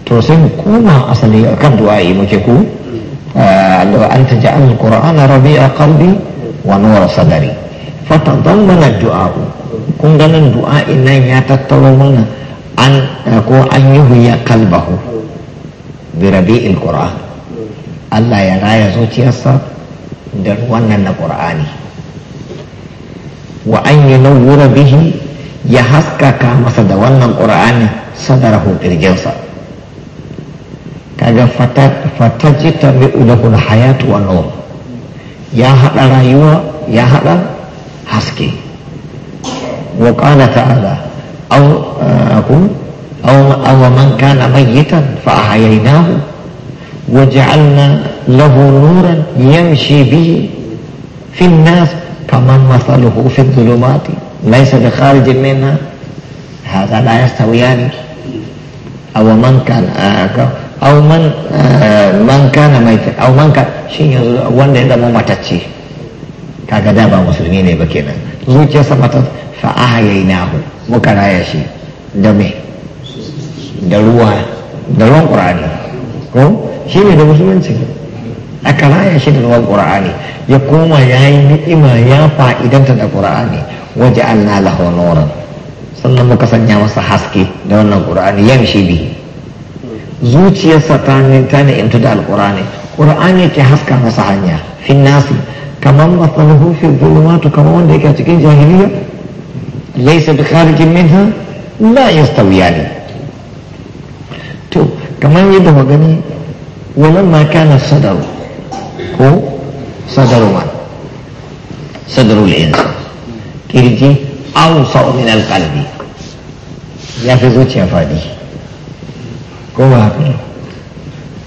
to sai mu asali asali kan du'a'i muke ku Allah an taj'al al rabi a qalbi wa nuwar sadari fata zan mana dua kun ganin du'a'in nan ya tattaro mana an eh, ko an yi hunya kalbahu bi rabi'il qur'an Allah ya raya zuciyarsa da wannan na qur'ani wa an yunawwira bihi ya haskaka masa da wannan qur'ani sadarahu kirjinsa kaga fatajita bi ulul hayatu wa nur ya hada rayuwa ya hada haske wa qala ta'ala أو أقول أو أو من كان ميتا فأحييناه وجعلنا له نورا يمشي به في الناس كمن مثله في الظلمات ليس بخارج منها هذا لا يستويان أو من كان أو من من كان ميتا أو من كان شيء وان ده مو متاتشي kaga da ba musulmi ne ba kenan zuciyarsa mata fa'ahayainahu muka raya shi da me da ruwa da ruwan qur'ani ko shi ne da musulunci aka raya shi da ruwan qur'ani ya koma ya yi ni'ima ya fa'idanta da qur'ani waje Allah lahu nuran sannan muka sanya masa haske da wannan qur'ani yamshi bi zuciyarsa ta ne ta ne intu da alqur'ani ƙur'ani ke haska masa hanya fi nasi kamar masaluhu fi zulumatu kamar wanda yake cikin jahiliya ليس بخارج منها لا يستويان تو كما يده غني ولما كان الصدر هو صدر من صدر الإنسان كيرجي أوسع من القلب يا في زوجي فادي كما هكذا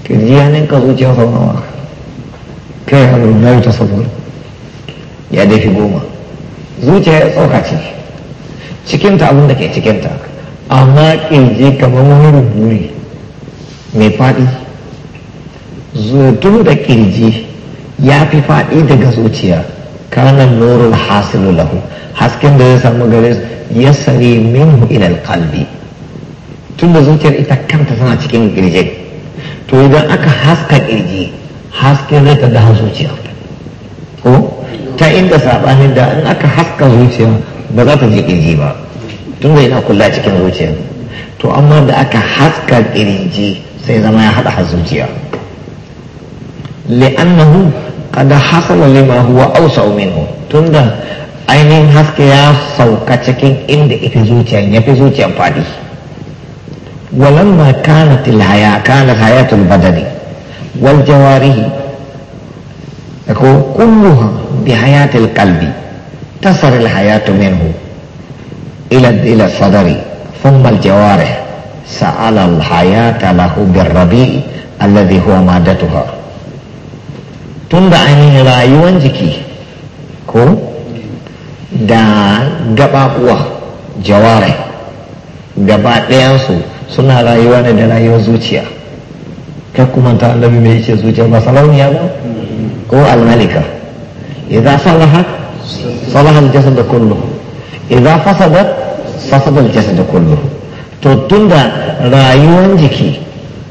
كيرجي أنا كزوجي فما كيف هذا لا يتصور ya dai fi goma zuciya ya tsoka ce cikinta abin da ke cikinta amma ƙirji kamar wani buri mai faɗi tun da ƙirji ya fi faɗi daga zuciya kanan nurul hasilu lahu hasken da ya samu gare ya sare minhu ilal kalbi tun da zuciyar ita kanta tana cikin ƙirjin to idan aka haska ƙirji hasken zai ta da zuciya ko ta inda saɓanin da in aka haska zuciya ba za ta je kirji ba tun da yana kula cikin zuciya to amma da aka haska kirji sai zama ya haɗa har zuciya li'annahu kada hasala lima huwa ausa minhu tunda ainihin haske ya sauka cikin inda ita zuciyan ya fi zuciyan faɗi walamma kanat alhaya kanat hayatul badani wal jawarihi ko kulluha bi hayatil qalbi تصل الحياة منه إلى إلى الصدر ثم الجوارح سأل الحياة له بالربيع الذي هو مادتها tunda ainihin rayuwan jiki ko da gabaɓuwa jawarai gaba ɗayansu suna rayuwa ne da rayuwar zuciya kai kuma ta annabi mai ce zuciya ba salauniya ba ko almalika idan salaha صلاح الجسد كله إذا فسدت فسد الجسد كله to tunda rayuwan jiki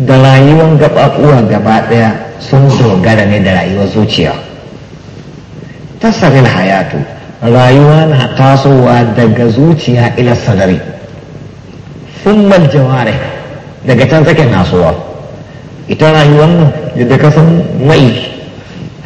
da rayuwan gaɓaɓuwa gaba ɗaya sun dogara ne da rayuwar zuciya tasarin hayatu rayuwa na tasowa daga zuciya ila sadari sun jaware daga can tsakin nasuwa ita rayuwan nan yadda ka san mai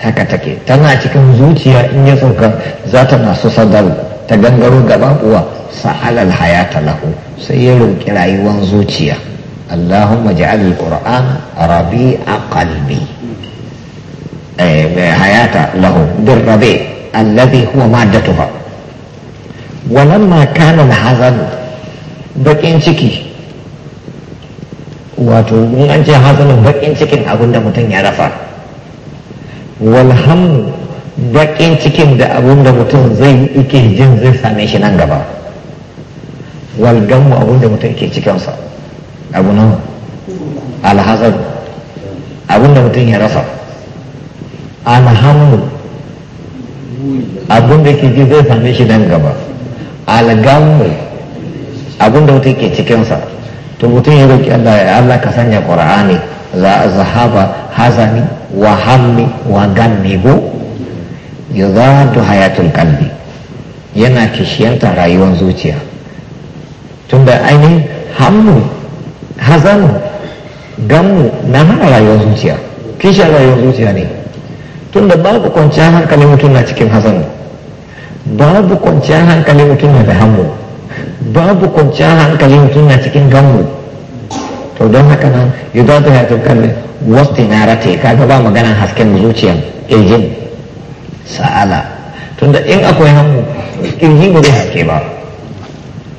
haka take tana cikin zuciya in ya sauka za ta masu sadar ta gangaro gaba uwa sa'alal hayata lahu sai ya roƙi rayuwar zuciya Allahumma ja'al al-Qur'an a qalbi mai eh, eh, hayata lahu bir rabi alladhi huwa Wannan ma kana na hazan bakin ciki wato in an ce hazanin bakin cikin abinda mutum ya rafa walhamu daƙin cikin da abun da mutum zai ike jin zai same shi nan gaba walgamu abun da mutum ke cikinsa abu nan alhazar abun da mutum ya rasa alhamu abun da ke ji zai same shi nan gaba algamu abun da mutum ke cikinsa to mutum ya roƙi Allah ya Allah ka sanya ƙura'ani za a zahaba hazani وهم وغنه يضاد حياة القلب yana kishiyanta rayuwar zuciya tunda aini hannu hazanu gamu na hana rayuwar zuciya kishiyar rayuwar zuciya ne tunda babu kwanciyar hankali mutum na cikin hazanu babu kwanciyar hankali mutum na da hammu babu kwanciyar hankali mutum na cikin gamu to don haka nan ya yadda ta yato kalmi wasu na rate kaga ba magana hasken zuciyar ƙirjin sa'ala tunda in akwai hannu ƙirji ba zai haske ba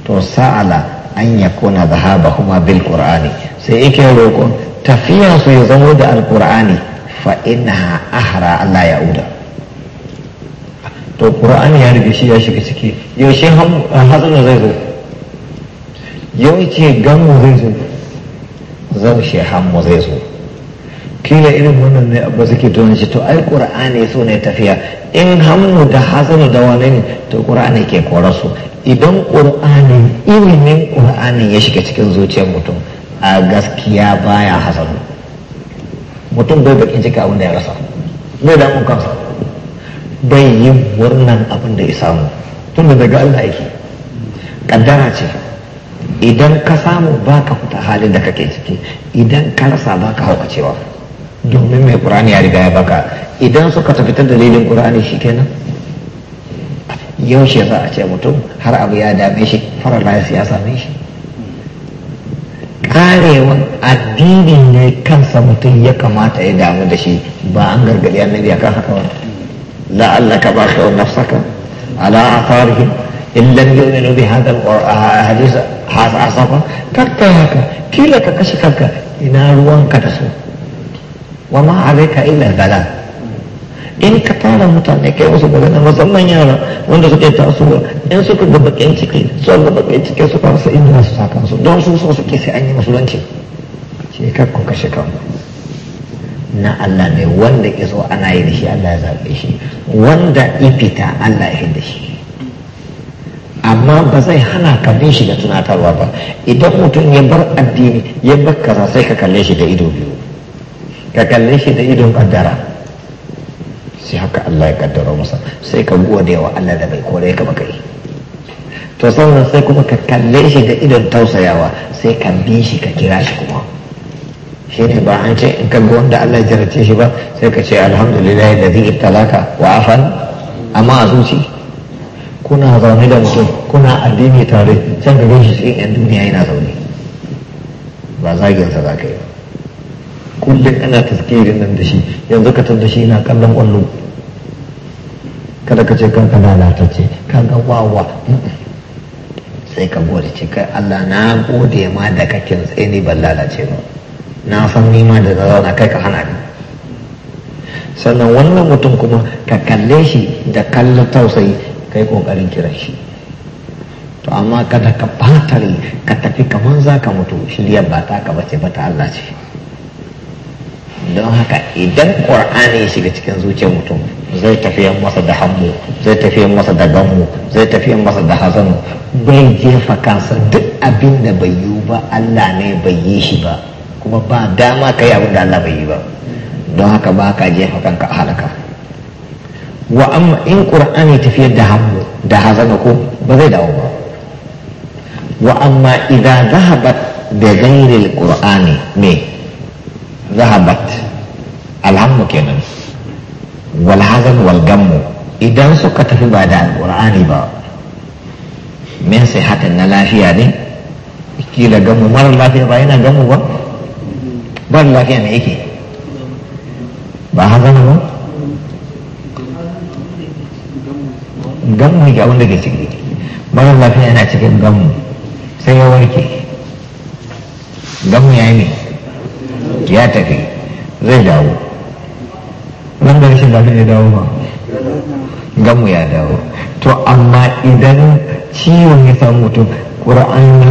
to sa'ala an ya kona zahaba kuma bil qur'ani sai ike roƙo tafiyan su ya zamo da alqur'ani fa ina ahara Allah ya uda to qur'ani ya rige shi ya shiga ciki yaushe hannu zai zo ce gamu zai zo Zan shi hammu zai zo kila irin wannan ne abu suke tunan shi to ai qur'ani so ne tafiya in hammu da hazanu da wani ne to qur'ani ke kora idan qur'ani ilimin qur'ani ya shiga cikin zuciyar mutum a gaskiya baya hazanu mutum bai bakin cika abin da ya rasa bai mun kansa bai yi murnan abin da ya samu tun daga Allah yake kaddara ce idan ka samu ba ka fita halin da kake ciki idan ka rasa ka hauka cewa domin mai ƙur'ani ya riga ya baka idan suka tafi ta dalilin ƙur'ani shikenan yaushe za a ce mutum har abu ya dame shi farar ya same shi karewan addini ne kansa mutum ya kamata ya damu da shi ba an gargaɗi annabi a kan haka ba la'allaka ba ka nafsaka ala in lam yu'minu bi hadha al-hadith hasafa kakka kila ka kashe kanka ina ruwanka da su wama alayka illa bala in ka tara mutane kai wasu na musamman yara wanda suke tasowa in suka ga bakin ciki su ga bakin ciki su fara sa inda su saka su don su so suke sai an yi musulunci shi kar ku kashe kanku na Allah ne wanda ke so ana yi da shi Allah ya zaɓe shi wanda ifita Allah ya yi da shi amma ba zai hana ka bin shi da tunatarwa ba idan mutum ya bar addini ya bar kaza sai ka kalle shi da ido biyu ka kalle shi da idon kaddara sai haka Allah ya kaddara masa sai ka gode wa Allah da bai kore ka baka yi to sannan sai kuma ka kalle shi da idon tausayawa sai ka bi shi ka kira shi kuma shi ne ba an ce in ka ga wanda Allah ya jarace shi ba sai ka ce alhamdulillah da zai ibtalaka wa afan amma a zuci kuna zaune da mutum kuna addini tare can ka shi cikin yan duniya yana zaune ba zaginsa za ka yi kullum ana taskirin nan da shi yanzu ka da shi yana kallon ƙwallo kada ka ce kanka lalatacce kanka wawa sai ka gode ce kai Allah na gode ma da kakin tsaye ni ban lalace ba na san ni ma da zazzauna kai ka hana ni sannan wannan mutum kuma ka kalle shi da kallon tausayi kai kokarin kira shi to amma kada ka batare ka tafi kamar za ka mutu shiryar ba ta ka bace ba ta Allah ce don haka idan ƙur'ani ya shiga cikin zuciyar mutum zai tafiyan masa da hammu zai tafiyan masa da gamu zai tafiyan masa da hazanu bai jefa kansa duk abin da bai yi ba Allah ne bai yi shi ba kuma ba dama ka yi abin da Allah bai yi ba don haka ba ka jefa kanka a halaka وأما إن قرآني تفيد دهب دهازا نقوم بذي دعوة وأما إذا ذهبت بغير القرآن مي ذهبت الهم كنن والحزن والغم إذا سكت في بعد القرآن با من صحة النلافية دي إكي لغم مر الله في بعين الغم با بار الله في أمعيكي بحزن با gamu ne wanda da ke ciki mara lafiya yana cikin gamu sai ya warke gamu ya yi ne ya tafi zai dawo da rashin lafiya ya dawo ba gamu ya dawo to amma idan ciwon ya samu mutum ƙura'an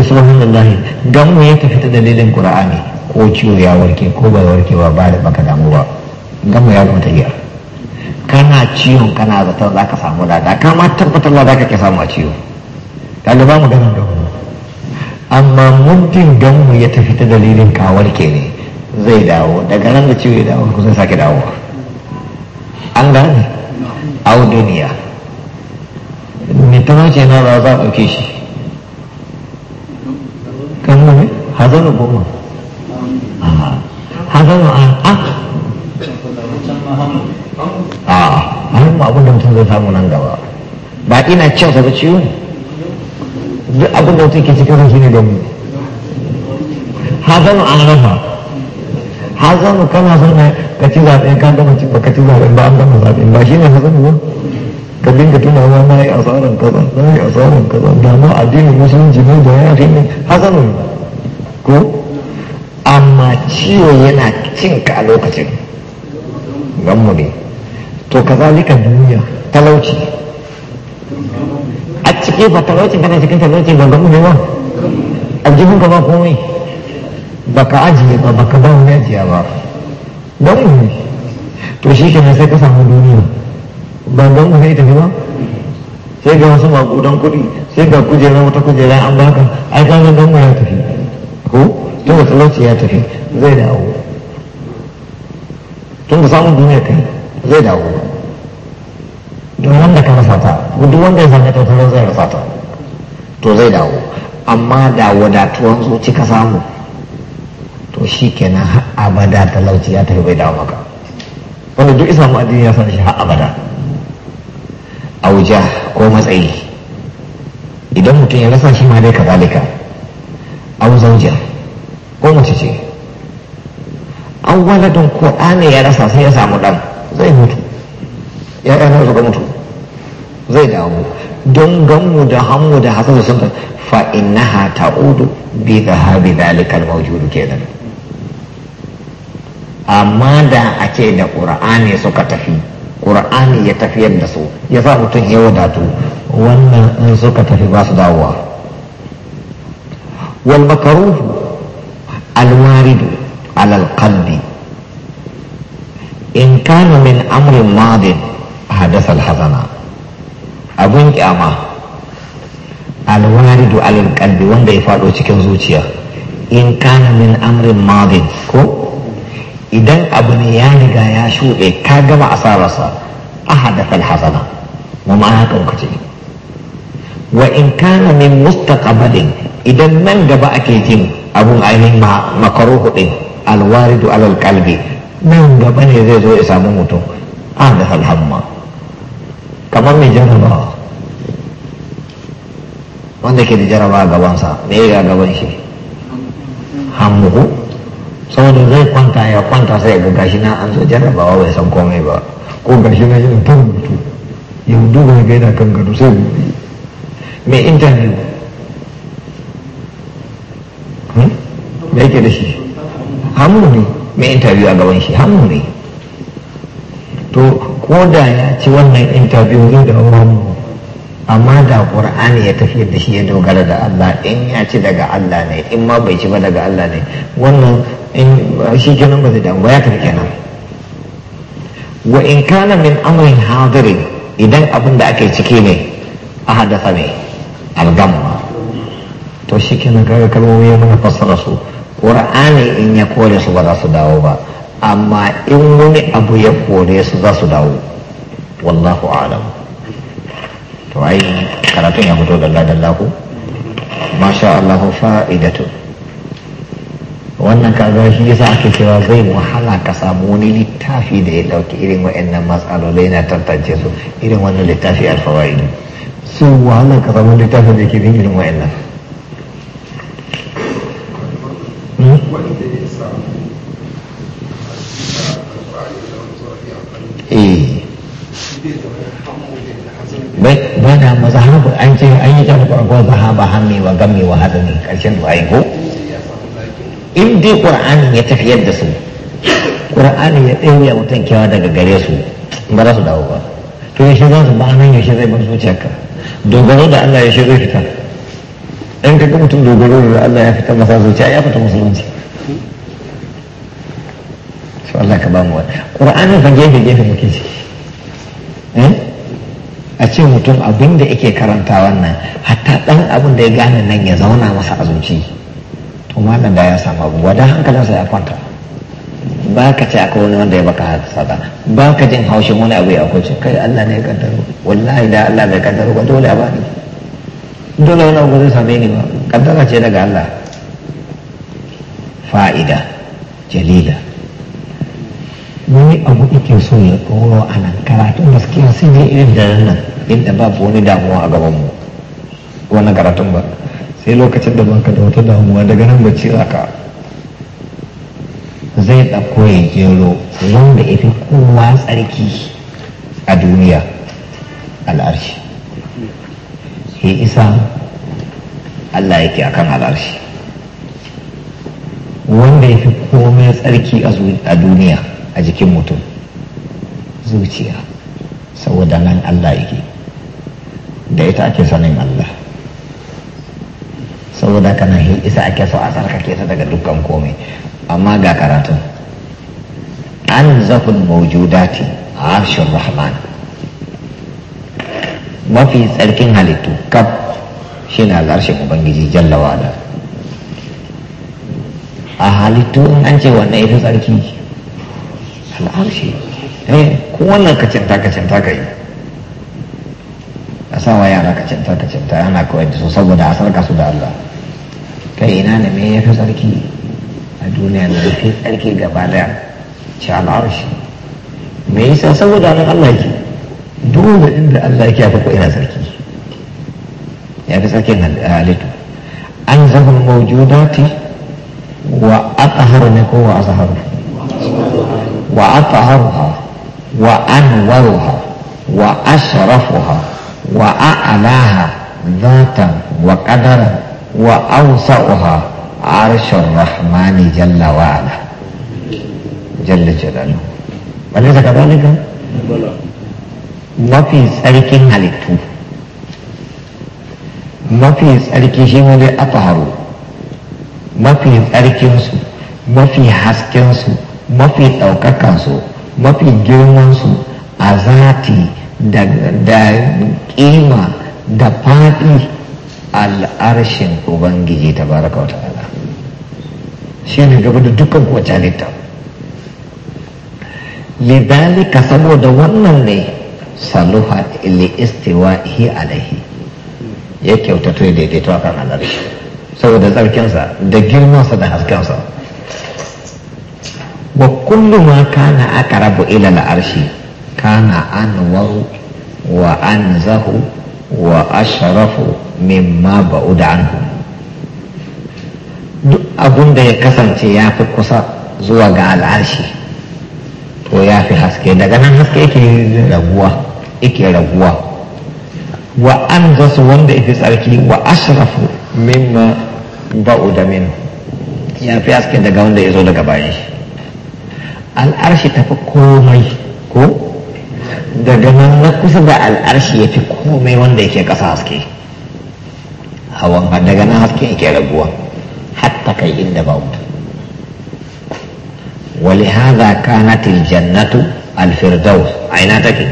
subhanallahi gamu ya tafi ta dalilin ƙura'ani ko ciwo ya warke ko bai warke ba ba da baka damu ba gamu ya gama tafiya kana ciwon kana zaton za ka samu lada kama tabbatar lada kake samu a ciwo kaga ba mu ganin gamu amma muddin gamu ya tafi ta dalilin kawar ke ne zai dawo daga nan da ciwo ya dawo ku zai sake dawo an gane a duniya me ta ce na ba za a ɗauke shi kan mu ne hazanu goma hazanu a a hannun abin da mutum zai samu nan gaba ba ina cin sa ba ciwo duk abin da mutum ke cikin shi ne da mu hazanu an rafa hazanu kana son ka ci zaɓe ka gama ci baka ci zaɓe ba an gama zaɓe ba shi ne hazanu ba ka dinga tunawa na yi asarar kaza na yi asaran kaza da ma addinin musulunci ne da ya fi ne hazanu ko amma ciwo yana cinka a lokacin ganmu ne to kazalika duniya talauci a cikin ba talauci kana cikin talauci ba ganmu ne ba aljihun ka ba komai baka ajiye ba baka ba wani ajiya ba ganmu ne to shi kenan sai ka samu duniya ba ganmu ne tafi ba sai ga wasu makudan kudi sai ga kujera wata kujera an baka ai ka ga ganmu ya tafi ko to talauci ya tafi zai dawo tun da samun duniya kai zai dawo don wanda ka rasa ta duk wanda ya same ta wata zai rasa ta to zai dawo amma da wadatuwan zuci ka samu to shi kenan har abada talauci ya ta bai dawo maka wanda duk isa addini ya san shi har abada wuja ko matsayi idan mutum ya rasa shi ma dai kazalika au zauja ko mace ce an waladin ko ɗane ya rasa sai ya samu dan zai mutu ya ɗan ga mutu zai dawo don ganmu da hannu da hasan da sunta fa innaha ta'udu bi dhahabi dhalika al kenan amma da a ce da qur'ani suka tafi qur'ani ya tafiyar da su ya sa mutum ya wadatu wannan in suka tafi ba su dawowa wal makaruhu al-waridu على القلب إن كان من أمر ماض حدث الحزن abun kyama alwaridu alil kalbi wanda ya faɗo cikin zuciya in kana min amrin madin ko idan abu ne ya riga ya shuɗe ka gama asararsa a haddasa alhasana mu ma haka ce wa in kana min mustaqbalin idan nan gaba ake jin abun ainihin makaruhu ɗin alwaridu alal kalbi nan gaba ne zai zo ya samu mutum a da alhamma kamar mai jarabawa wanda ke da jaraba gabansa me ya gaban shi hammuhu saboda zai kwanta ya kwanta sai ga gashi na an zo jarrabawa bai san komai ba ko gashi na yana ta mutu ya duba ga yana kan gado sai gobe mai intanet hmm? me ke da shi hannu ne mai interview a gaban shi hannu ne to ko da ya ci wannan interview zai da hannu amma da ƙura'ani ya tafiyar da shi ya dogara da Allah in ya ci daga Allah ne in ma bai ci ba daga Allah ne wannan in shi kenan ba zai damu ya tafi kenan wa in kana min amrin hadirin idan abin da ake ciki ne a hadasa ne algamma to shi kenan kaga kalmomi ya mana fassara su ƙur'ani in ya kore su ba za su dawo ba amma in wani abu ya kore su za su dawo wallahu alam to ai karatun ya fito dalla dalla ku masha Allah fa'idatu wannan kaga shi yasa ake cewa zai wahala ka samu wani littafi da ya dauki irin wa'annan matsalolai na tantance su irin wannan littafi alfawaidu sai wahala ka samu littafi da ke bin irin wa'annan Hmm. Eh. ba da mazahabu an ce an yi karfa ko zahaba hannu wa gamme wa hadani karshen da aiko in dai qur'ani ya tafiyar da su qur'ani ya ɗaya mutum kyawa daga gare su ba za su dawo ba to ya shiga su ba nan ya shiga zai bar zuciyarka dogaro da Allah yaushe zai fita in ka ga mutum dogaro da Allah ya fitar masa zuciya ya fita musulunci shi Allah ka ba mu wani ƙur'anin fa gefe gefe muke ciki eh? a ce mutum abin da yake karanta wannan hatta ɗan abin da ya gane nan ya zauna masa a zuci to malam da ya samu abu wadda hankalinsa ya kwanta ba ka ce akwai wani wanda ya baka haka sada ba ka jin haushin wani abu ya akwai kai Allah ne ya kaddaro wallahi da Allah bai kaddaro ba dole a bani dole yana ba zai same ni ba kaddara ce daga Allah fa'ida jalila wani abu ike so ya ɗoro a nan karatun suke sai dai irin da nan inda ba wani damuwa a gaban mu wani karatun ba sai lokacin da baka da wata damuwa daga nan bacci za ka zai ɗauko ya gero wanda ya fi kowa tsarki a duniya al'arshi shi isa Allah yake kan halarshi wanda ya fi komai tsarki a duniya a jikin mutum zuciya saboda nan Allah yake da ita ake sanin Allah saboda kana hi isa ake so a tsarkake ta daga dukkan komai amma ga karatun an zafin maujudati harshen rahman mafi tsarkin halittu kaf shi na zarshen ubangiji jallawa da a halittu an ce wannan ya fi tsarki al'arshi eh ko wannan kacinta kacinta ka yi a sawa yara kacinta kacinta yana kawai da su saboda a sarka su da Allah kai ina ne me ya fi tsarki a duniya da ya fi tsarki gaba daya ce al'arshi me sa saboda nan Allah ke dole inda Allah yake fa ko ina sarki ya fi sarkin eh, halittu an zama maujudati wa atahar ne ko wa azhar wa ataharha wa anwaruha wa ashrafuha wa a'laha ذاتا وقدرا وأوسعها عرش الرحمن جل وعلا جل جلاله أليس كذلك؟ بلى mafi tsarkin halittu mafi tsarki shi wani ataharu mafi tsarkinsu mafi haskensu mafi ɗaukakansu mafi girmansu a zati da ƙima da faɗi al'arshin ubangiji ta baraka wata ala shi ne gaba da dukkan kowace halitta lidalika saboda wannan ne saluha li istiwahi alaihi ya to ya daidaito a kan halar saboda tsarkinsa da girmansa da haskensa wa kullu ma kana aqrabu ila al-arshi kana anwaru wa anzahu wa ashrafu mimma ba'uda anhu duk abun da ya kasance ya fi kusa zuwa ga al'arshi to ya fi haske daga nan haske yake raguwa yake raguwa wa an zasu wanda ifi tsarki wa ashrafu mimma ba'u da min ya fi aske daga wanda ya zo daga baya. al'arshi ta fi komai ko daga nan na kusa da al'arshi ya fi komai wanda yake ƙasa haske hawan har daga nan haske yake raguwa hatta kai inda ba wuta ولهذا كانت الجنة الفردوس أين تكي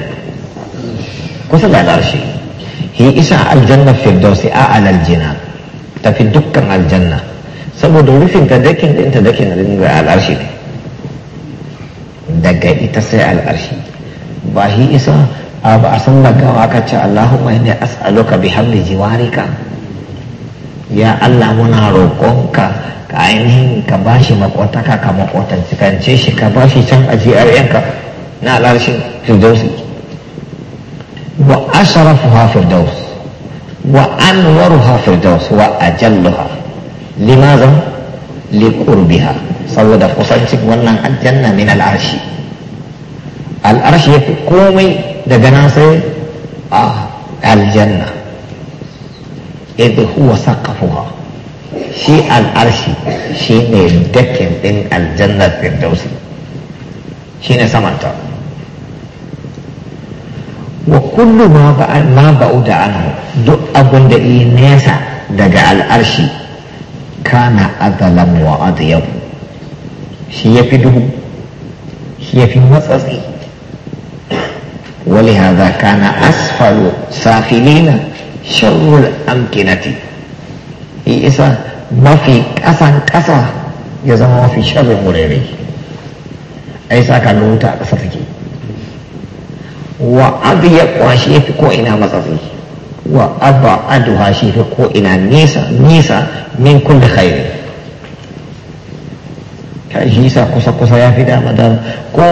kusa da al'arshi hi isa aljanna firdausi a alal jina tafi dukkan aljanna saboda rufin ta dakin din ta dakin din ga al'arshi ne daga ita sai al'arshi ba hi isa a ba a san lagawa ka ce Allahumma inni as'aluka bi hamdi jiwarika ya Allah muna roƙonka ka ainihin ka bashi makotaka ka makotanci kan ce shi ka bashi can a GRN ka na al'arshin firdausi وأشرفها فردوس وأنورها فردوس وأجلها لماذا؟ liƙurbiha saboda kusancin wannan aljanna min al'arshi al'arshi ya fi komai daga nan a aljanna idh huwa saqafuha shi al'arshi shi ne dakin din aljannar firdausi shi ne samanta wa kullu ma ba ba'uda anhu duk abin da yi nesa daga al'arshi kana azalam wa adiyab shi yafi duhu shi yafi matsatsi wali hadha kana asfalu safilina sharrul amkinati yi mafi kasan kasa ya zama mafi sharrin wurere a isa ka nuta a ƙasa take wa abyaqwa shi fi ko ina matsafi wa abaduha shi fi ko ina nisa nisa min kun kulli khairi kai shi sa kusa kusa ya fi dama da ko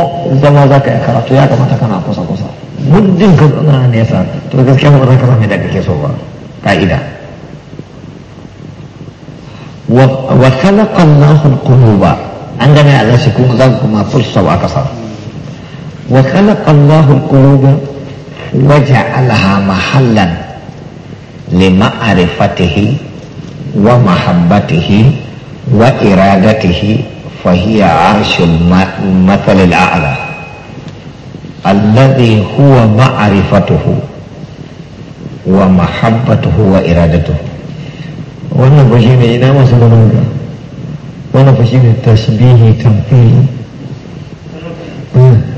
zama za ka karatu ya kamata kana kusa kusa muddin ka zama nesa to gaskiya ba za ka zama da kake so ba ka'ida wa khalaqa Allahu al-quluba an gane Allah shi kuma zan kuma fursa wa kasar wa khalaqallahu al-quluba wa ja'alaha mahallan lima'rifatihi wa mahabbatihi wa iradatihi fa hiya 'arshul matal al-a'la alladhi huwa ma'rifatuhu wa mahabbatuhu wa iradatuhu wannan ba ina masu gaban ba wannan ba shi ne tasbihi tamfili eh.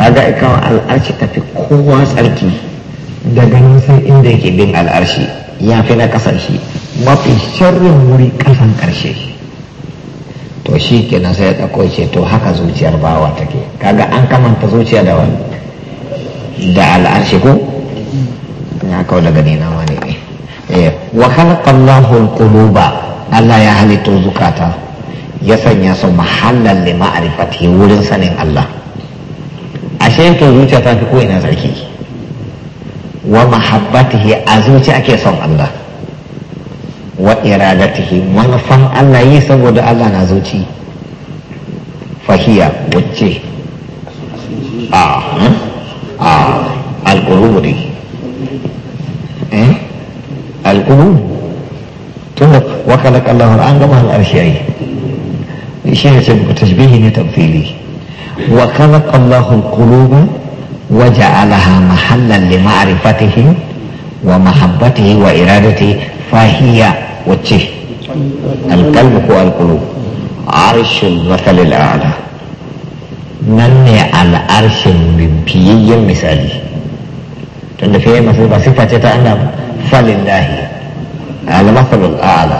kaga ga kawo al'arshi ta fi kowa tsarki da ganin sai inda yake bin al'arshi ya fi na kasar shi mafi sharrin wuri kasan karshe to shi kenan sai ya ɗauko ce to haka zuciyar bawa take kaga an kamanta zuciya da wani da al'arshi ko ya kawo daga nina wani ne eh, wa khalaqallahu al kuluba Allah ya halitto zukata ya sanya su mahallan lima'arifati wurin sanin Allah ashe yankin zuciya ta fi ko'ina zarki wa mahabbatihi a zuci ake son Allah wa iradatihi manufan Allah yi saboda Allah na zuci fahiya wacce a a alƙulubu eh alƙulubu tun da wakalaka Allah an gama al'arshi yayi shi ne ce tashbihi ne tamfili وخلق الله القلوب وجعلها محلا لمعرفته ومحبته وإرادته فهي وجه القلب هو القلوب عرش الوصل الأعلى nan ne al'arshin fiyayyen misali tunda fiye masu ba sifa ce ta Allah falillahi al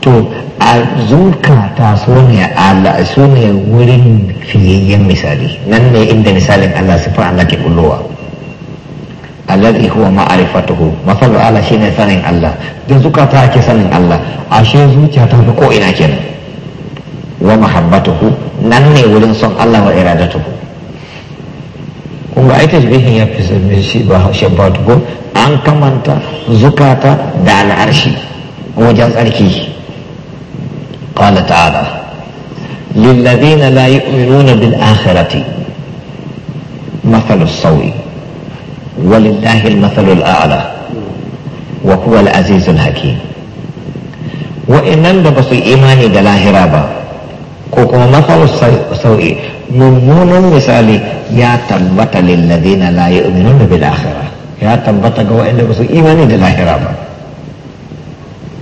to a ta so ne Allah su ne wurin fiyayyen misali nan ne inda misalin Allah sifa Allah ke bullowa alladhi huwa ma'rifatuhu mafalu ala shine sanin Allah da zukata ake sanin Allah ashe zuciya ta fi ko ina kenan wa mahabbatuhu nan ne wurin son Allah wa iradatuhu kuma ai tashbihin ya fi sami shi ba shabbatu ko an kamanta zukata da al'arshi wajen tsarki قال تعالى للذين لا يؤمنون بالآخرة مثل الصوي ولله المثل الأعلى وهو العزيز الحكيم وإن ندبس إيمان دلاه رابا كوكو مثل الصوي ممنون المثال يا تنبت للذين لا يؤمنون بالآخرة يا تنبت قوة إيمان دلاه رابا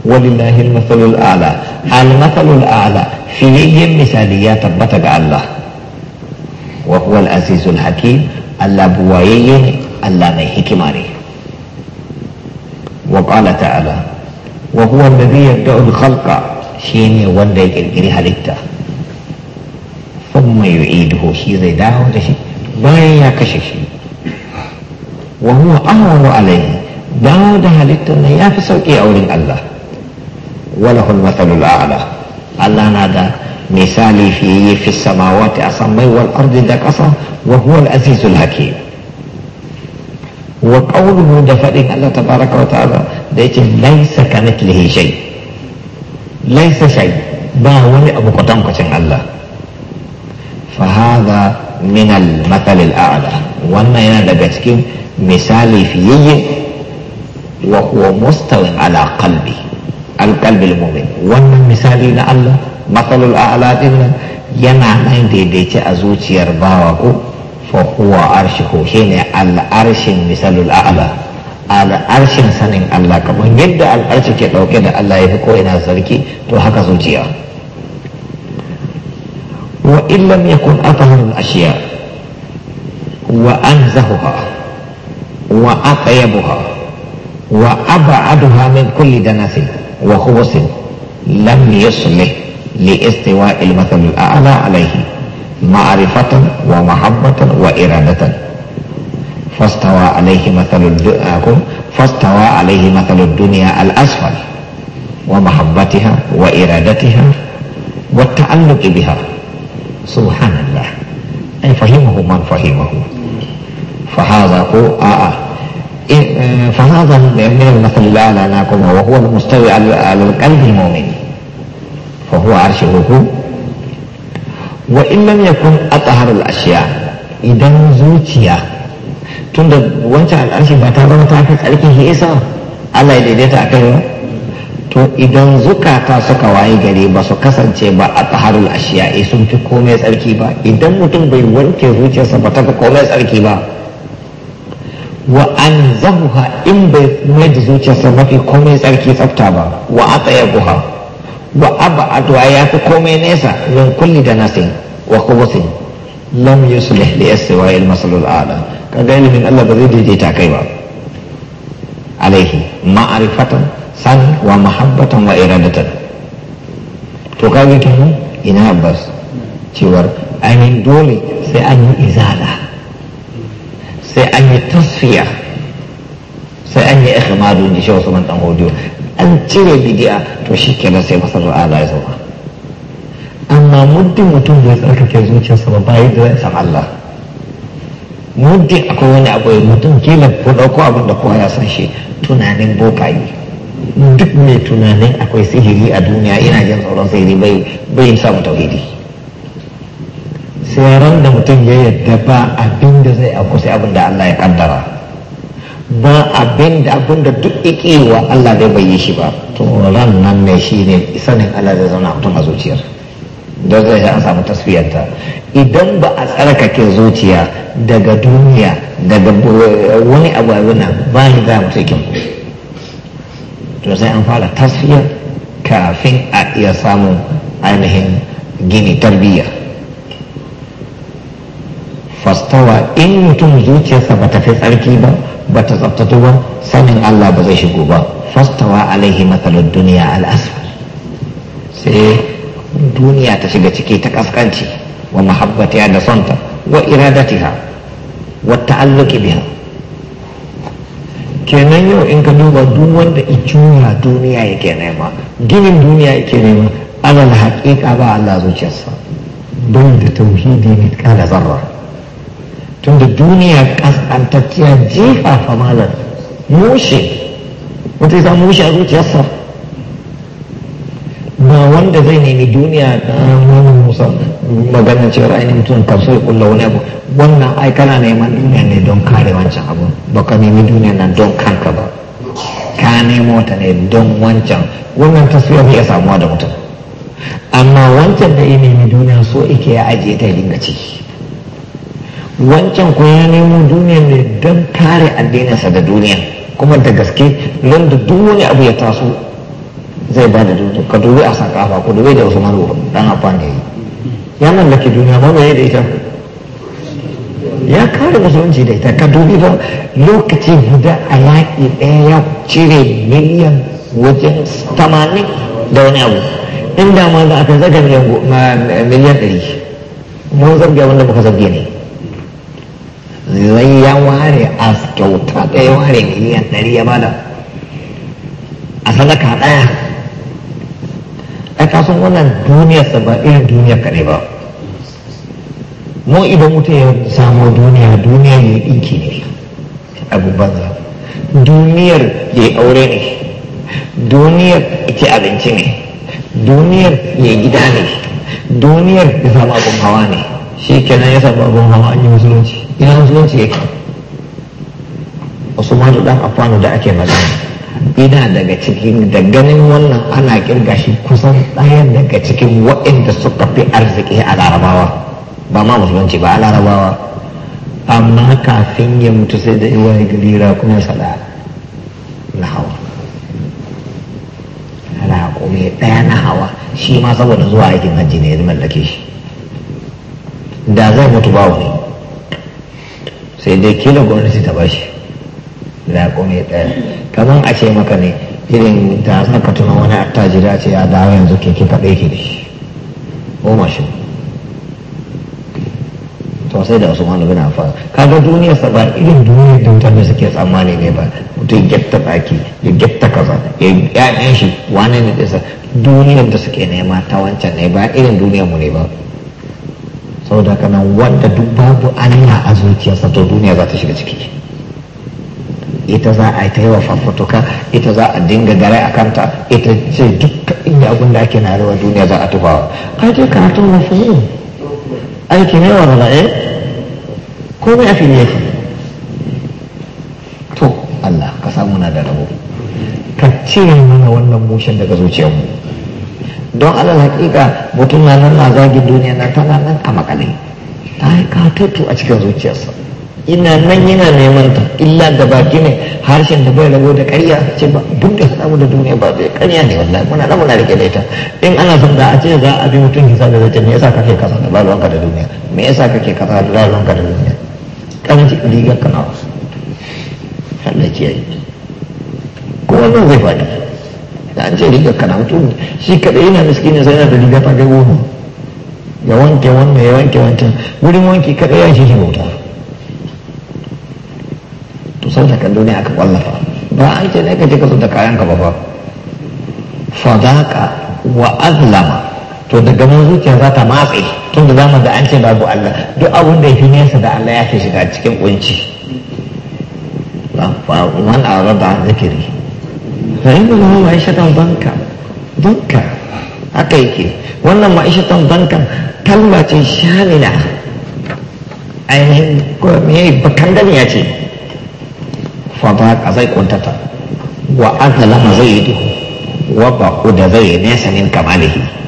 walillahi al-masalul a'la al-masalul a'la fiyayyen misali ya tabbata ga Allah wa huwa al-azizul Allah buwayayye ne Allah mai hikima ne wa qala ta'ala wa huwa alladhi yabda'u al-khalqa shine wanda ya kirkiri halitta thumma yu'iduhu shi zai dawo da shi bayan ya kashe shi wa huwa ahwanu dawo da halittar nan ya fi sauƙi a wurin Allah وله المثل الأعلى الله نادى مثالي في في السماوات أصمي والأرض ذاك أصم وهو العزيز الحكيم وقوله دفرين الله تبارك وتعالى ديت ليس كمثله شيء ليس شيء ما هو أبو قدام الله فهذا من المثل الأعلى وأنا ينادى دقتكم مثالي فيه وهو مستوى على قلبي an mumin wannan misali na Allah matsalul a'la nan yana nan daidaice a zuciyar bawa ko fa huwa arshihu shine al'arshin misalul a'la al'arshin sanin Allah kamar yadda al'arshi ke dauke da Allah ya fi ko ina sarki to haka zuciya wa illam yakun atahar ashiya wa anzahuha wa atayabuha wa abaduha min kulli danasin وخبث لم يصلح لاستواء المثل الأعلى عليه معرفة ومحبة وإرادة فاستوى عليه مثل فاستوى عليه مثل الدنيا الأسفل ومحبتها وإرادتها والتعلق بها سبحان الله أي فهمه من فهمه فهذا هو آه فهذا من المثل لا لا ناكم وهو المستوي على القلب المؤمن فهو عرشه هو وإن لم يكن أطهر الأشياء إذا زوجيا da wancan al'arshi ba ta zama ta fi tsarki shi isa Allah ya daidaita a kai to idan zukata suka waye gare ba su kasance ba a taharul ashiya sun fi komai tsarki ba idan mutum bai wanke zuciyarsa ba ta fi komai tsarki ba wa an zahuha in bai mai da zuciyarsa mafi komai tsarki tsafta ba wa a tsaye guha wa abba adwa ya fi komai nesa min kulli da nasin wa kubusin lam yuslih li istiwa al masalul ala kaga ilimin Allah ba zai daidaita kai ba alaihi ma'arifatan san wa mahabbatan wa iradatan to kaga tun ina abbas cewar ainihin dole sai an yi izala sai an yi tasfiya sai an yi ikhmadu ji shi wasu mantan hudu an cire bidiya to shi kenan sai masar Allah ya zama amma muddin mutum bai tsarkake zuciyarsa ba bayi da zai san Allah muddin akwai wani abu mutum kila ko dauko abin da kowa ya san shi tunanin bokaye duk mai tunanin akwai sihiri a duniya ina jin tsoron sihiri bai bai samu tauhidi sai da mutum ya yadda ba abin da zai auku sai abin da Allah ya kaddara ba abin da abin da duk wa Allah bai yi shi ba to ran nan ne shi ne sanin Allah zai zauna mutum a zuciyar don zai an samu tasfiyarta idan ba a tsarkake zuciya daga duniya daga wani abu abin nan ba ni za mutum kin to sai an fara tasfiyar kafin a ah, iya samun ainihin gini tarbiyya fastawa in mutum zuciyarsa ba ta fi tsarki ba ba ta tsaftatu ba sanin Allah ba zai shigo ba fastawa alaihi matsalar duniya al'asfal sai duniya ta shiga ciki ta kaskanci wa ya da sonta wa iradatiha wa ta'alluki biha kenan yau in ka duba duk wanda ijuya duniya yake nema ginin duniya yake nema alal haƙiƙa ba Allah zuciyarsa don da tauhidi ne kala zarra tunda duniya kaskantacciya jefa fa malam mushe wata yi samu mushe a zuciyarsa ba wanda zai nemi duniya da wani musa maganin cewar ainihin mutum tafsir kulla wani abu wannan ai kana neman duniya ne don kare wancan abu ba ka nemi duniya na don kanka ba ka nemo ta ne don wancan wannan taswira bai samuwa da mutum amma wancan da ya nemi duniya so ike ya ajiye ta ya dinga ciki wancan ku ya nemo duniya ne don kare addininsa da duniya kuma da gaske nan da duk wani abu ya taso zai ba da duniya ka dubi a sakafa ku dubi da wasu maro dan afan da yi ya mallaki duniya ma mai da ita ya kare musulunci da ita ka dubi ba lokaci guda a yaƙi ɗaya ya cire miliyan wajen tamanin da wani abu inda ma za a kai zaga miliyan ɗari mun zarga wanda muka zabi ne zai ya ware a kyauta ɗaya ware miliyan ɗari ya bada a sadaka ɗaya ai kasan wannan duniya ba irin duniya kaɗai ba mu idan mutum ya samu duniya duniya ya ɗinki ne abu banza duniyar ya yi aure ne duniyar ita abinci ne duniyar ya yi gida ne duniyar ya zama abin hawa ne shi kenan ya samu abin hawa an yi musulunci ina musulunci yake usmanu dan afanu da ake magana ina daga cikin da ganin wannan ana kirga shi kusan ɗayan daga cikin waɗanda suka fi arziki a larabawa ba ma musulunci ba a larabawa amma kafin ya mutu sai da ya gari kuma sada na hawa raƙumi ɗaya na hawa shi ma saboda zuwa aikin hajji ne ya mallake shi da zai mutu ba wani. sai dai kila gwamnati ta bashi kone ɗaya kamar a ce maka ne irin da za ka tuna wani attajira ce ya dawo yanzu keke kika ke da shi ko mashin to sai da usman bin Ka kaga duniyar sa ba irin duniyar da mutane suke tsammani ne ba mutum getta baki ya getta kaza ya ƴaƴan shi wani ne ɗinsa duniyar da suke nema ta wancan ne ba irin duniyar mu ne ba saboda haka nan wanda duk babu Allah a zuciyarsa to duniya za ta shiga ciki ita za a ta yi wa fafutuka ita za a dinga gare a kanta ita ce duk inda abin da ake na rawa duniya za a tufawa ai je karatun yi aiki ne wa rara'e eh? ko mai afi ne to Allah ka samu na da rabo ka cire mana wannan mushen daga zuciyarmu don alal hakika mutum na nan na zagin duniya na tana nan a makale ta yi katutu a cikin zuciyarsa ina nan yana neman ta illa da baki ne harshen da bai rago da karya ce ba duk da samu da duniya ba zai karya ne wallahi muna da muna rike da ita in ana son da a ce za a bi mutum ki sabe zai me yasa kake kasa da lalwanka da duniya me yasa kake kasa da lalwanka da duniya ji rigar kana wasu Allah ya yi ko wannan zai faɗi da an ce rigar kana mutum ne shi kaɗai yana miskinin sai yana da riga ta kai goma ya wanke wannan ya wanke wancan wurin wanki kaɗai ya shi shi bauta to sau da ne aka kwallafa ba an ce ne ka je ka da kayan ka ba ba fadaka wa azlama to daga mun zuciya za ta matse tun da zamu da an ce babu Allah duk abin da ya fi nesa da Allah ya fi shiga cikin kunci man arada zikiri fa'inul hu ma'ishatan banka banka haka yake wannan ma'ishatan bankan kalma ce shamila ainihin ko me bakan gani ini ce ni ba ka zai kuntata wa azlama zai yi duhu wa ba ku da zai nesa min kamalihi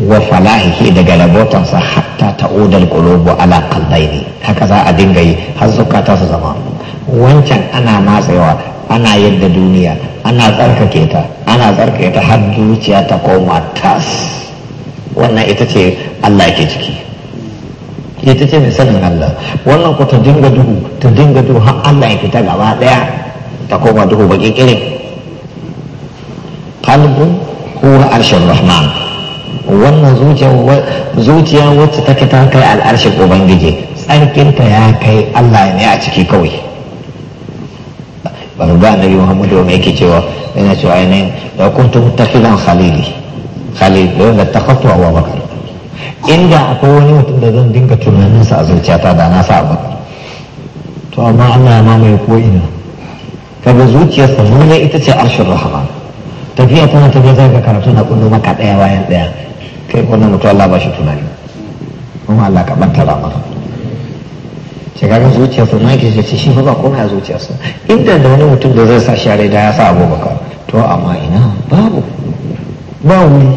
wa falahihi daga rabotansa hatta odar qulubu ala qalbayni haka za a dinga yi har zukata su zama wancan ana matsewa ana yadda duniya ana tsarkake ta ana tsarkake ta har zuciya ta koma tas wannan ita ce Allah ke ciki ita ce mai sanin Allah wannan ko ta dinga duhu ta dinga duhu har Allah ya fita gaba daya ta koma duhu baki kirin qalbun huwa arshin rahman wannan zuciya wacce take ta kai al'arshin ubangiji tsarkinta ya kai allah ne a ciki kawai ba na biyu hamadu mai yake cewa yana cewa ainihin da kuntun tafilan khalili da yadda da kwatuwa a bakar inda akwai wani mutum da zan dinga tunaninsa a zuciyata da na sa bakar to amma allah ya mamaye ko ina kaga zuciyarsa nuna ita ce arshin rahama tafiya tana tafiya zai ga karatu na kullum maka daya bayan daya kai wannan mutu Allah ba shi tunani kuma Allah ka bantara masa shi kaga zuciyarsa na ke shi shi ba kuma ya zuciya zuciyarsa inda da wani mutum da zai sa share da ya sa abubakar to amma ina babu ba wuri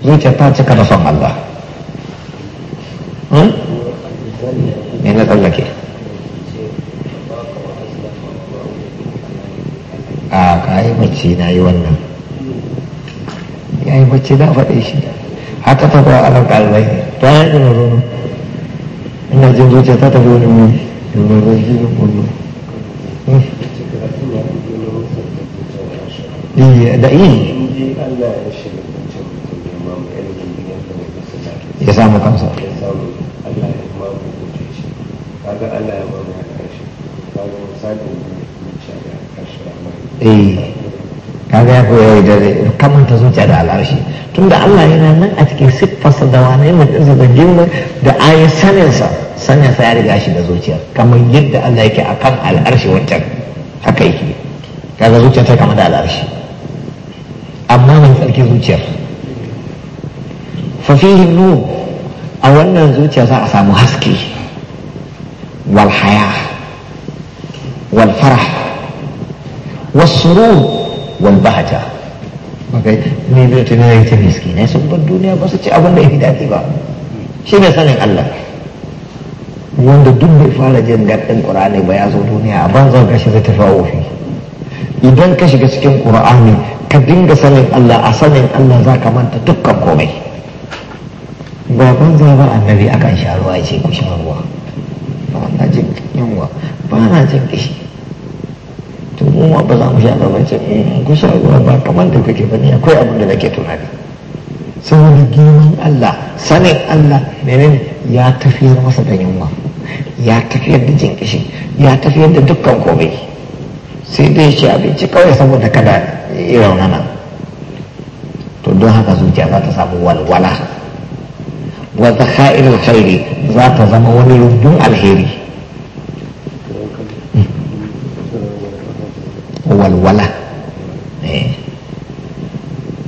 zuciya ta cika da son Allah Ina hmm? na tsallake a ka yi mace na yi wannan ya yi mace na faɗe shi haka ta kuwa akan ƙalibai ta yi ɗin ruru ina jin zuciya ta tafi wani mai ruru shi ne kullu da yi ya samu kansa Allah ya ba mu ya karshe kaga misalin zuciya ya karshe a eh kaga ya yayi da zai kamanta zuciya da al'arshi tunda Allah yana nan a cikin siffarsa da wani mai da girma da ayin saninsa saninsa ya riga shi da zuciya kamar yadda Allah yake akan al'arshi wancan haka yake kaga zuciya ta kama da al'arshi amma mai tsarki zuciyar fafihin nu a wannan zuciya za a samu haske wal haya wal farah wasu wal bahata magai ne bai tuni ne ta miskinai sun bar duniya ba su ci abin da ya fi daɗi ba shi ne sanin Allah wanda duk bai fara jin daɗin ƙur'ani ba ya zo duniya a banzan kashi zai tafi ofi idan ka shiga cikin ƙur'ani ka dinga sanin Allah a sanin Allah za ka manta dukkan komai ba za ba annabi akan sharuwa ya ce ku sharuwa. ruwa ba na jin yunwa ba na jin kishi mu ma ba za mu eh, sha ba mace kusa ruwa ba kamar da kuke bane akwai abin da nake tunani saboda girman Allah sanin Allah menene ya tafiyar masa da yunwa ya tafiyar da jinkishi ya tafiyar da dukkan kobe sai dai shi abinci kawai saboda kada ya raunana to don haka zuciya za ta samu walwala wa zaka'ir alkhairi za ta zama wani rundun alheri walwala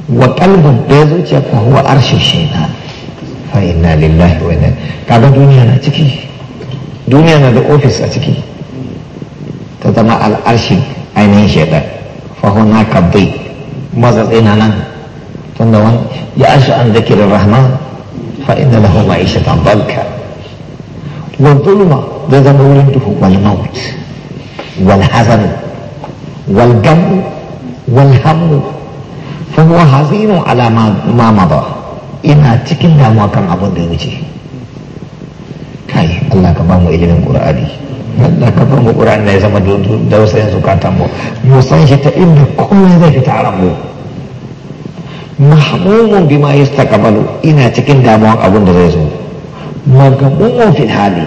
wa kalbin da ya zuciya fa huwa arshin shaitan fa inna lillahi wa inna kaga duniya na ciki duniya na da ofis a ciki ta zama al'arshin ainihin shaitan fa huna kabbai matsatsi na nan tunda wani ya arshi an zakirin rahman fa inna lahu ma'ishatan balka والظلمة ده ذنب ولده والموت والحزن والجمع والهم فهو حزين على ما مضى ina cikin damuwa kan abin ya wuce kai Allah ka bamu ilimin Qur'ani Allah ka bamu Qur'ani ya zama da wasayin zukatan mu mu shi ta inda komai zai fita a mu mahmumun bima yastaqbalu ina cikin damuwa abunda zai zo magabumun fil hali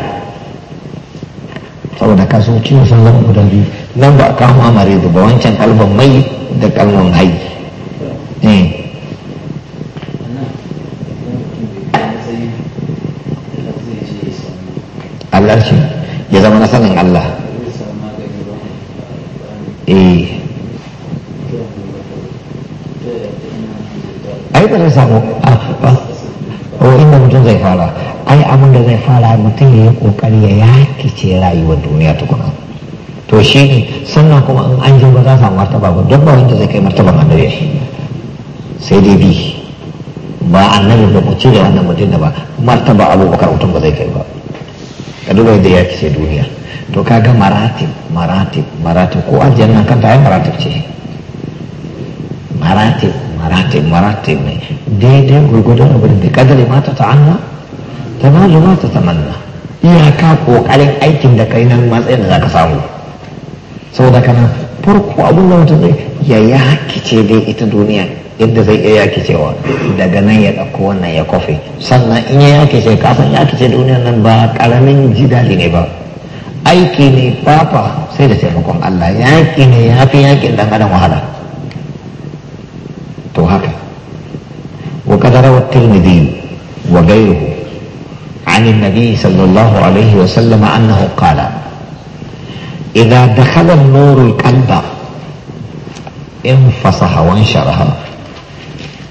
saboda kasuwancin sun zama guda biyu nan ba a kawo da ba wancan kalmar mai da kalmar hai eh. Allah ya zama na sanin Allah eh ai ba zai samu a ah, ba o inda mutum zai fara ai abin da zai fara mutum ya yi kokari ya yaki ce rayuwar duniya tukuna to shi ne sannan kuma an je ba za samu martaba ba duk ba wanda zai kai martaban annabi shi sai dai bi ba annabi ba mu cire wannan mutum da ba martaba abubakar mutum ba zai kai ba ka duba yadda ya kice duniya to kaga maratib maratib maratib ko aljanna kanta yi maratib ce maratib maratib maratib ne daidai gurgudun abin da kadari mata ta'anna tanalu ma tatamanna iyaka kokarin aikin da kai nan matsayin da zaka samu saboda kana farko abin da mutum zai ya yakice dai ita duniya yadda zai iya yakicewa daga nan ya ɗauko wannan ya kofe sannan in ya yakice kasan yakice duniyar nan ba ƙaramin jidali ne ba aiki ne fafa sai da taimakon Allah yaki ne ya fi yaƙin dan adam wahala to haka wa kadara wa tirmidhi wa gairuhu عن النبي صلى الله عليه وسلم أنه قال إذا دخل النور القلب انفصح وانشرها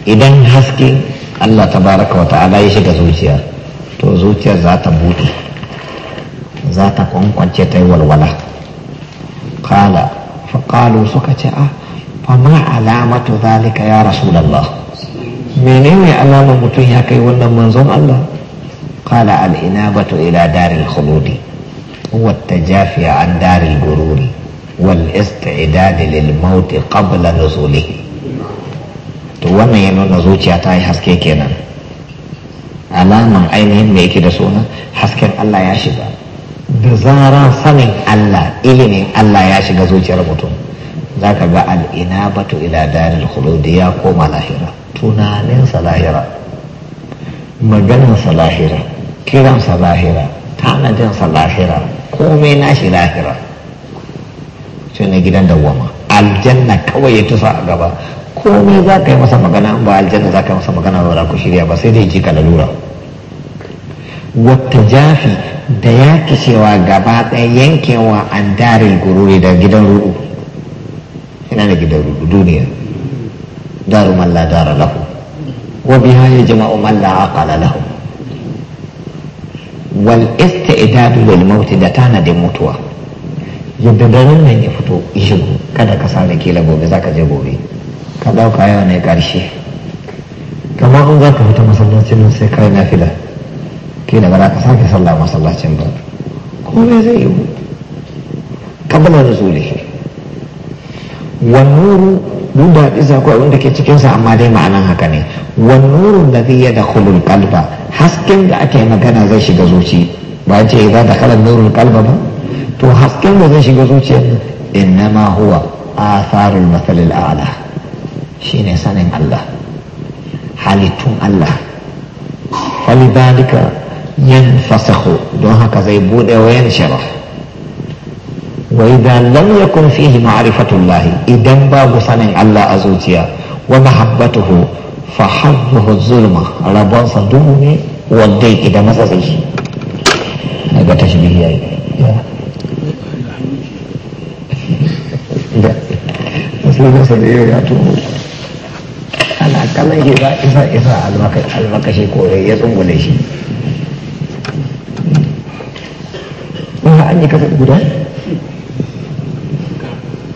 إذا هسكي الله تبارك وتعالى يشك زوجيا تو زوجيا ذات بوت ذات قوم قنشة والولا قال فقالوا سكتة فما علامة ذلك يا رسول الله menene alamar mutum ya kai wannan manzon Allah قال الإنابة إلى دار الخلود والتجافي عن دار الغرور والاستعداد للموت قبل نزوله to wannan ya nuna zuciya ta yi haske kenan alaman ainihin da yake da suna hasken Allah ya shiga da zaran sanin Allah ilimin Allah ya shiga zuciyar mutum za ka ga al'inabatu ila daril khuludi ya koma lahira tunaninsa lahira maganinsa lahira kiransa lahira tanadinsa lahira komai nashi lahira sai na gidan dawwama aljanna kawai ya tusa a gaba komai za ka yi masa magana ba aljanna za ka yi masa magana ba ku shirya ba sai dai ji ka lalura wata jafi da ya cewa gaba ɗaya yankewa an darin gururi da gidan ruɗu ina da gidan ruɗu duniya daru malla dara lahu wa biha ya jama'u malla aqala lahu wal istidadu lil mauti da da mutuwa yadda garin nan ya fito ya kada ka sa da kila gobe za ka je gobe ka ɗauka yau ne karshe. kamar in za ka fita masallacin nan sai kai na fila kila ba ka sake sallah masallacin ba komai zai yi kabbalar rasulihi والنور duda isa ko abin da ke cikinsa amma dai ma'anan haka ne wan nurun da zai da khulul qalba hasken da ake magana zai shiga zuci ba ce za da kalan nurul qalba ba to hasken da zai shiga zuciya innama huwa atharul mathal al a'la shine sanin Allah halittun Allah falidalika yanfasahu don haka zai bude wayan sharaf وإذا لم يكن فيه معرفة الله إذا باب صنع الله أزوجيا ومحبته فحظه الظلمة ربان صدومي والديك إذا ما سيش هذا تشبيه يعني مسلم صديق يا تومو أنا كمان إذا إذا إذا المكشي كوري يزنق ليشي وها أني كفت قدام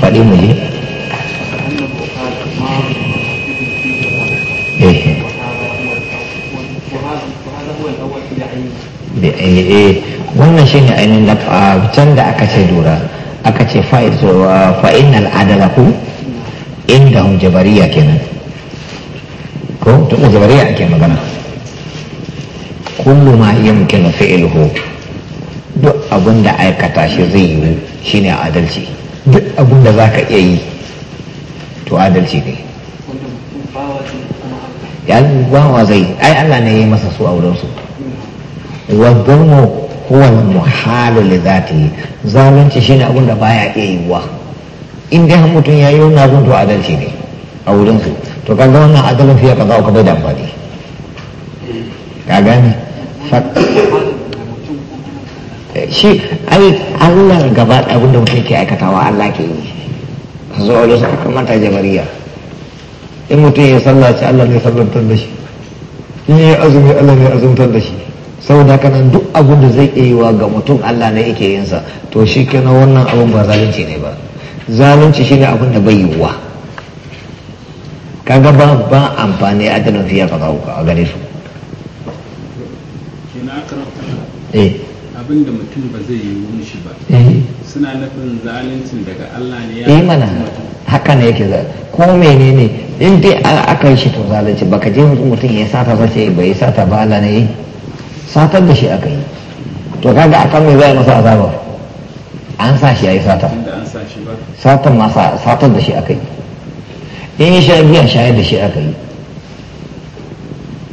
faɗi mu je. Eh. Eh. wannan shi ne ainihin da can da aka ce lura aka ce fa'inal adala ku inda hun jabariya kenan ko tun da jabariya ake magana kullu ma fi'il ho duk abin da aikata shi zai yi ne adalci duk abin da za ka iya yi to adalci ne yan bawa zai ai Allah ne ya yi masa su auren su wa zalmu huwa muhalu li zati zalunci shine abin da baya iya yi wa in dai mutum ya yi wannan abin to adalci ne a wurin su to kaga wannan adalci ya kaza ka bai da amfani ka gane shi ai Allah gaba da abin da mutum ke aikatawa Allah ke yi zuwa da kamar ta jamariya in mutum ya sallaci Allah ne sallantar da shi in ya azumi Allah ne azumtar da shi saboda haka duk abin da zai iya wa ga mutum Allah ne yake yin sa to shi kenan wannan abin ba zalunci ne ba zalunci shine abin da bai yiwuwa kaga ba ba amfani adalin fiya fa ka a gare su eh abin da mutum ba zai yi mishi ba eh. suna nufin zaluncin daga Allah ne ya yi eh mana haka ne yake za ko ne in dai aka yi shi to zalunci baka je mutum ya sata ba sai bai sata ba Allah ne satar da shi aka yi to kaga akan mai zai masa azaba an sa shi yayi sata satan masa satar da shi aka yi in sha biya shayar da shi aka yi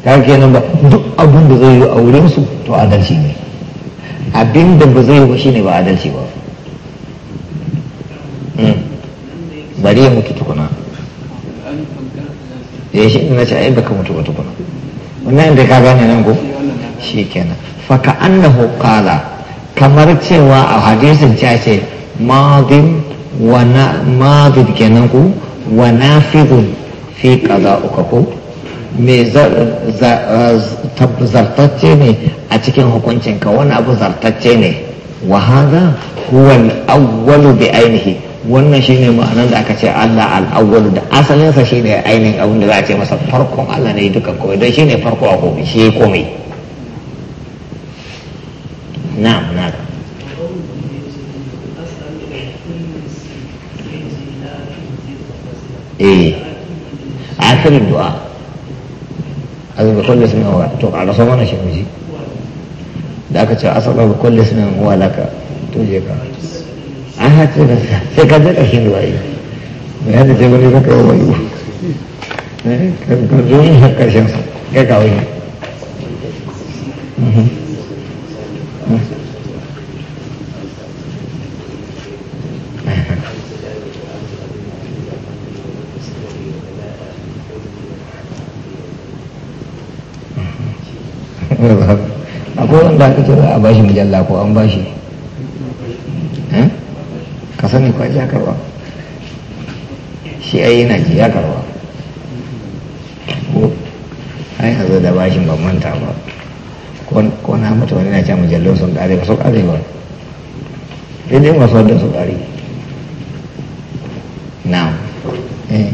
kaga kenan ba duk abin da zai yi a wurin su to adalci ne abin da ba zai shi ne ba adalci ba hmm. bari ya mutu tukuna ya eh, shi ina ce ai baka mutu ba tukuna wannan da ka gane nan ko shi kenan faka annahu qala kamar cewa a hadisin ta ce madin wa na madin kenan ku wa nafidun fi qada'uka ko mai zartacce ne a cikin hukuncin ka wani abu zartacce ne wa haza huwal awwalu bi ainihi wannan shine ma'anar da aka ce Allah al-awwalu da asalinsa shine ainihin abin da za a ce masa farkon Allah ne duka komai dan shine farko a komai shi komai na'am na'am eh akhirin du'a azumi kullu sunan wa to a rasa mana shi miji da aka ce asaba kullu sunan wa laka to je ka an hace da sai ka je ƙarshen ruwayi mai hada ce wani zaka yi wani eh, ka zo yin har ƙarshen sa kai ka wani mhm. Mhm. ba ita za a bashi mujalla ko an bashi eh? ka sani ko ya karwa shi ai yana ji ya karwa ko ai zo da bashi ban manta ba ko na mata wani na ce mujallon sun kare ba su kare ba daidai masu wadda su kare na eh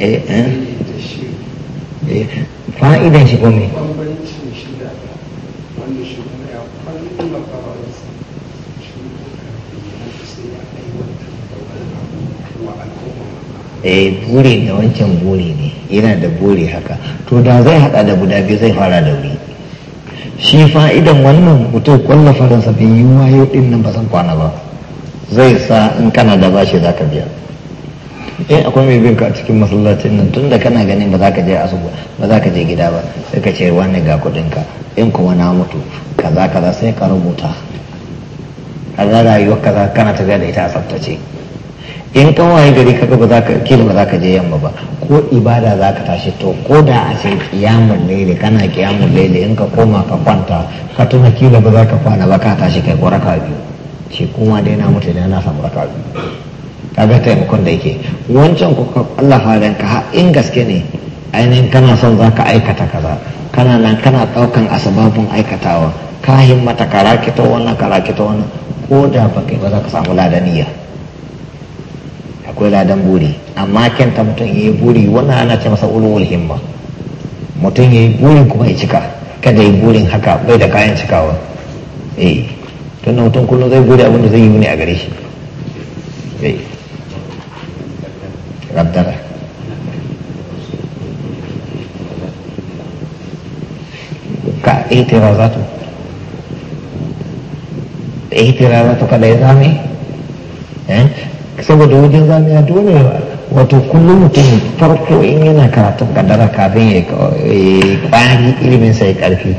eh eh fa'idan shi ko me eh buri da wancan buri ne yana da buri haka to da zai hada da guda biyu zai fara da wuri shi fa'idan wannan mutum kwallo faransa bin yi wayo din nan ba zan kwana ba zai sa in kana da bashi za ka biya eh akwai mai bin ka a cikin masallacin nan tunda kana ganin ba za ka je asuba ba za ka je gida ba sai ka ce wani ga kudin ka in kuma na mutu kaza kaza sai ka rubuta kaza rayuwar kaza kana tafiya da ita a tsaftace in kan waye gari kaga ba za ka kila ba za ka je yamma ba ko ibada za ka tashi to ko da a ce kiyamun laili kana kiyamun laili in ka koma ka kwanta ka tuna kila ba za ka kwana ba ka tashi kai ko raka biyu shi kuma dai na mutu da yana samu raka biyu a ga taimakon da yake wancan ku Allah faran ka in gaske ne ainihin kana son za ka aikata kaza kana nan kana ɗaukan asababin aikatawa ka himmata ka rakita wannan ka rakita wannan ko da ba kai ba za ka samu ladaniya akwai ladan buri amma kenta mutum ya yi buri wannan ana ce masa ulul himma mutum ya yi burin kuma ya cika kada ya burin haka bai da kayan cikawa eh tunda mutum kullum zai gode abin da zai yi ne a gare shi eh kaddara ka itirazatu itirazatu kada eh? ya zame saboda wajen zame a dole wato kullum mutum farko in yana karatun kaddara kafin ya yi kwari eh, ilimin sai karfi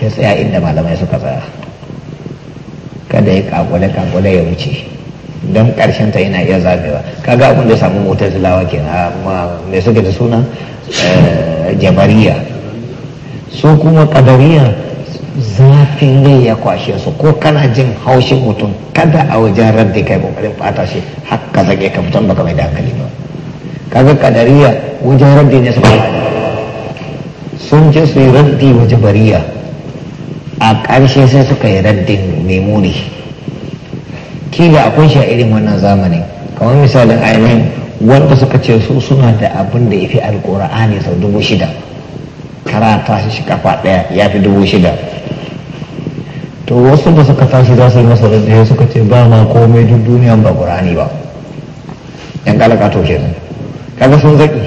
ka tsaya inda malamai suka tsaya kada ya kakule kakule ya wuce don karshen ta yana iya zamewa kaga abin da samu motar tilawa kenan mai suke da suna eh, jabariya su kuma kadariya zafin ne ya kwashe su ko kana jin haushin mutum kada a wajen radda kai kokarin fata shi haka zage ka fitan baka mai da hankali ba kaga kadariya wajen radda ne suka sun je su yi raddi wajen bariya a ƙarshe sai suka yi raddin memuni kila akwai shi a irin wannan zamanin kamar misalin ainihin wanda suka ce su suna da abin da ya fi alkur'ani sau dubu shida karata shi kafa ɗaya ya fi dubu shida to wasu da suka tashi za su yi masa da suka ce ba ma komai duk duniyan ba ƙur'ani ba yan kalaka to kenan kaga sun zaki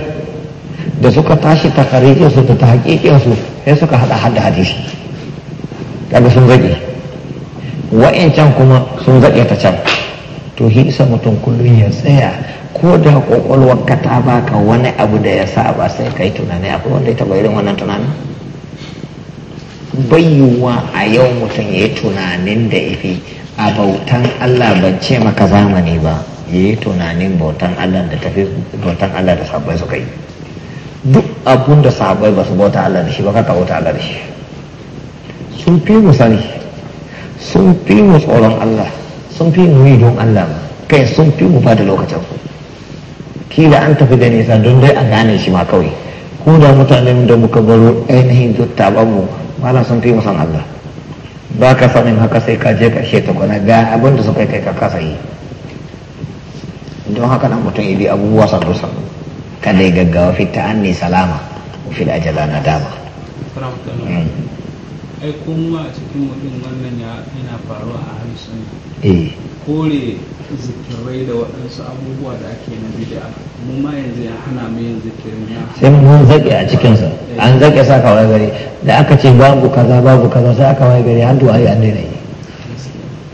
da suka tashi ta su da ta haƙiƙinsu sai suka haɗa hada hadisi kaga sun zaki wa'yancan kuma sun zaƙe ta can to shi isa mutum kullum ya tsaya ko da ƙwaƙwalwar ka ta baka wani abu da ya sa ba sai kai tunani akwai wanda ya taɓa irin wannan tunanin bayyuwa a yau mutum ya yi tunanin da ifi a bautan Allah ban ce maka zamani ba ya yi tunanin bautan Allah da tafi bautan Allah da sabai suka yi duk abun da sabai ba su bauta Allah da shi ba ka bauta Allah da shi sun fi mu sun fi mu tsoron Allah sun fi mu yi don Allah kai sun fi mu ba da Ki da an tafi da nisa don dai a gane shi ma kawai ko da mutanen da muka baro ainihin eh, zuttaban mu na sun fi mu san Allah ba ka sanin haka sai ka je karshe ta kwana ga abin da suka kai ka kasa yi don haka nan mutum ya bi abubuwa sandu sandu Ka ya gaggawa fita an ne salama fila ajala na dama hmm. ai kuma a cikin mutum wannan yana faruwa a harshen eh. kore zikirai da waɗansu abubuwa da ake na bid'a mu ma yanzu ya hana mu yin zikirin na sai mun zaƙe a cikin sa, eh. an zaƙe sa kawai gari da aka ce babu kaza babu kaza sai aka waye gari an duwaye an daina yi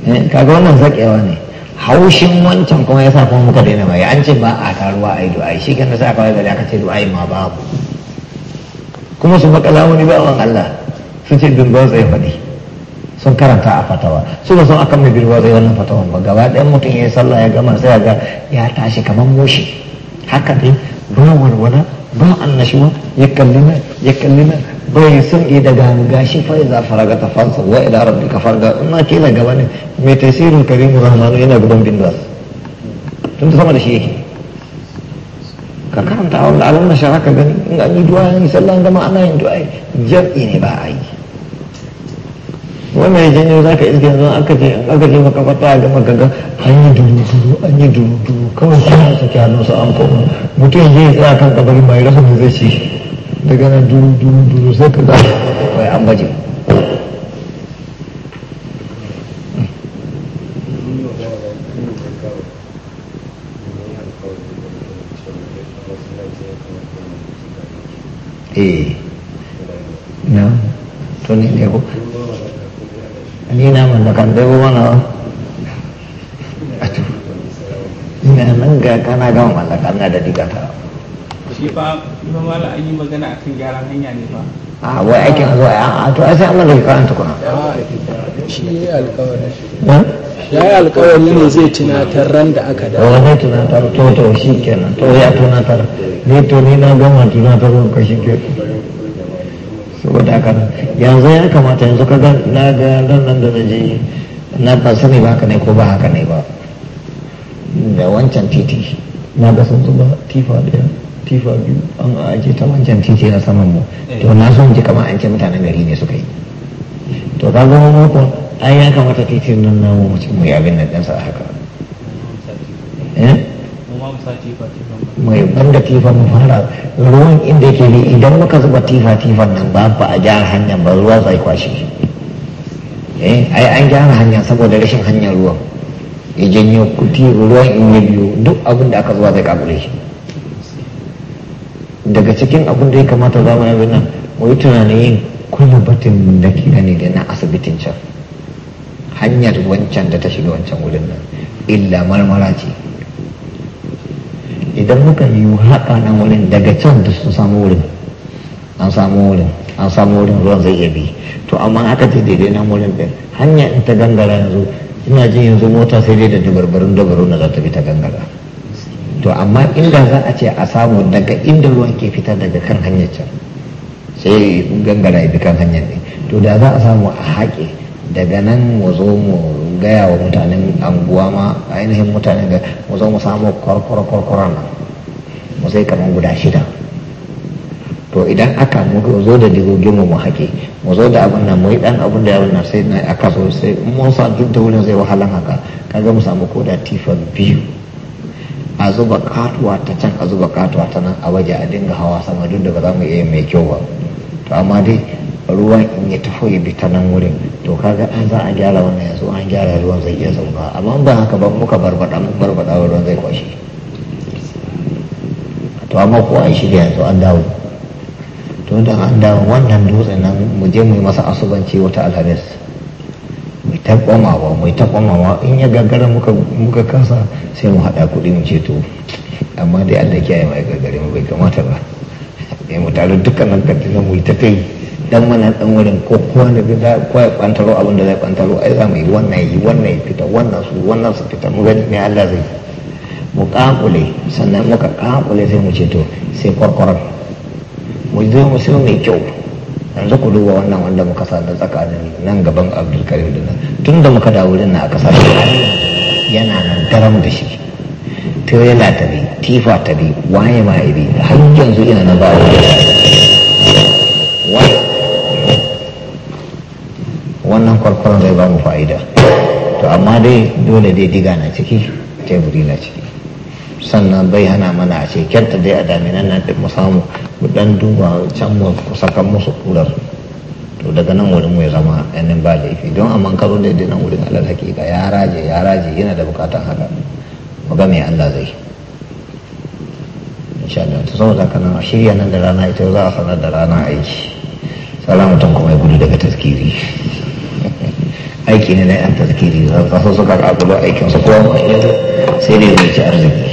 eh, kaga wannan zaƙewa ne haushin wancan kuma ya sa kuma muka daina mai an ce ba a taruwa a yi du'ai shi kan sa aka waye gari aka ce du'ai ma babu kuma su makala wani bawan Allah Sun ce bin bimbinsa ya faɗi sun karanta a fatawa su ba sun aka mai bimbinsa ya wannan fatawan ba gaba ɗayan mutum ya yi sallah ya gama sai ga ya tashi kamar moshi haka ne ba warwana, ba annashuwa ya kalli na ya kalli na bai sun yi daga hanga shi fa za faraga ta fansa wa ila rabbika farga ina na gaba ne mai tasirin karimu rahmanu yana bin bimbinsa tun da sama da shi yake ka karanta a wanda abin mashara ka gani in an yi duwa yin sallan gama ana yin duwa jam'i ne ba a yi wanda ya za ka iske yanzu aka je in aka je maka kata a gama gaga an yi dulu hanya an yi duru duru kawai suna sake hannunsa an koma mutum zai tsaya kan kabari mai rasa mai zai ci daga dulu duru duru duru sai an baje เอนะตัวนี้เดี๋ยวอันนี้นะมันกันเดี๋ยวว่าเนาะอะจุนี่นะมันก็กันได้ก็มันละกันได้ดีกว่าครับพี่ป้าพี่มาละอันนี้มันก็น่ะถึงยาลังให้ญาณนี่ป้า a ah, wai aikin a zo a to sai an lalaka kayan tukuna ya yi alkawari ne zai tunatar ran da aka da wani tunatar to to shi kenan to ya tunatar ne to ni na gama tunatar ka shi ke saboda haka yanzu ya kamata yanzu ka ga na ga nan da na je na ba sani ba haka ne ko ba haka ne ba da wancan titi na ga sun zuba tifa da tifa biyu an aje ta wancan titi na saman mu eh. to na so ji kamar an ce mutanen gari ne suka yi to ka zama ko an ya kamata titi nan na mu mutum mu yabin nan eh? Eh? sa haka mai banda tifa mu fara ruwan inda ke bi idan muka zuba tifa tifan nan ba ba a gyara hanyar ba ruwa zai kwashe eh ai an gyara hanya saboda rashin hanyar ruwan ya janyo kuti ruwan in ya biyo duk abin da aka zuwa zai kakure shi daga cikin abin da ya kamata za mu yi nan mu yi tunanin yin batun da ke gani da na asibitin can hanyar wancan da ta shiga wancan wurin nan illa marmara ce idan muka yi haka nan wurin daga can da sun samu wurin an samu wurin an samu wurin ruwan zai iya bi to amma aka ce daidai na wurin din hanya in ta gangara yanzu ina jin yanzu mota sai dai da dabarbarin dabaru na za ta bi ta gangara to amma inda za a ce a samu daga inda ruwan ke fita daga kan hanyar can sai gangara ya bi kan hanyar ne to da za a samu a haƙe daga nan mu zo mu gaya wa mutanen anguwa ma ainihin mutanen da mu zo mu samu kwarkwara nan mu sai kamar guda shida to idan aka mu zo da digogin mu haƙe mu zo da abin nan mu yi dan abin da yawon nan sai na aka so sai mun sa duk da wurin zai wahalan haka kaga mu samu koda tifan biyu a zuba katuwa ta can a zuba katuwa ta nan a waje a dinga hawa sama duk da ba za mu iya mai kyau ba to amma dai ruwan in ya tafi ya bi ta nan wurin to kaga an za a gyara wannan yanzu an gyara ruwan zai iya zauna amma ba haka ba muka barbada mu barbada ruwan zai kwashe to amma ko an shirya yanzu an dawo to da an dawo wannan dutsen nan mu je mu yi masa asubanci wata alhamis mai ta kwamawa mai ta kwamawa in ya gagara muka kasa sai mu haɗa kuɗi mu ce to amma dai allah kiyaye mai gagare mu bai kamata ba sai mu tare dukkan hankali na mu ta kai dan mana dan wurin ko kowa da da kowa kwantaro abin da zai kwantaro ai za mu yi wannan yi wannan ya fita wannan su wannan su fita mu gani ne allah zai mu kakule sannan muka kakule sai mu ceto sai kwarkwarar mu zo mu sai mai kyau yanzu ku duba wannan wanda muka da tsakanin nan gaban abdulkarim da nan tun da muka dawo wurin na aka sadu yana nan daram da shi tirela ta bi tifa ta bi waye ma ya bi har yanzu ina na ba wani wannan kwarkwaron zai ba mu fa'ida to amma dai dole dai diga na ciki teburi na ciki sannan bai hana mana a shekarta dai a daminan nan duk mu samu mu dan duba can mu saka musu kurar to daga nan wurin mu ya zama yanin ba laifi don a karo da nan wurin alal hakika ya raje ya raje yana da bukatan haka mu ga me Allah zai insha Allah to saboda kana shirya nan da rana ita za a sanar da rana aiki salamu tun kuma ya gudu daga taskiri aiki ne na yan taskiri za su suka aikin su kowa sai dai zai ci arziki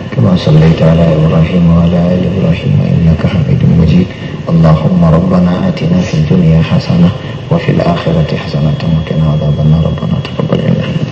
كما صليت على إبراهيم وعلى آل إبراهيم إنك حميد مجيد اللهم ربنا آتنا في الدنيا حسنة وفي الآخرة حسنة وقنا عذاب النار ربنا تقبل منا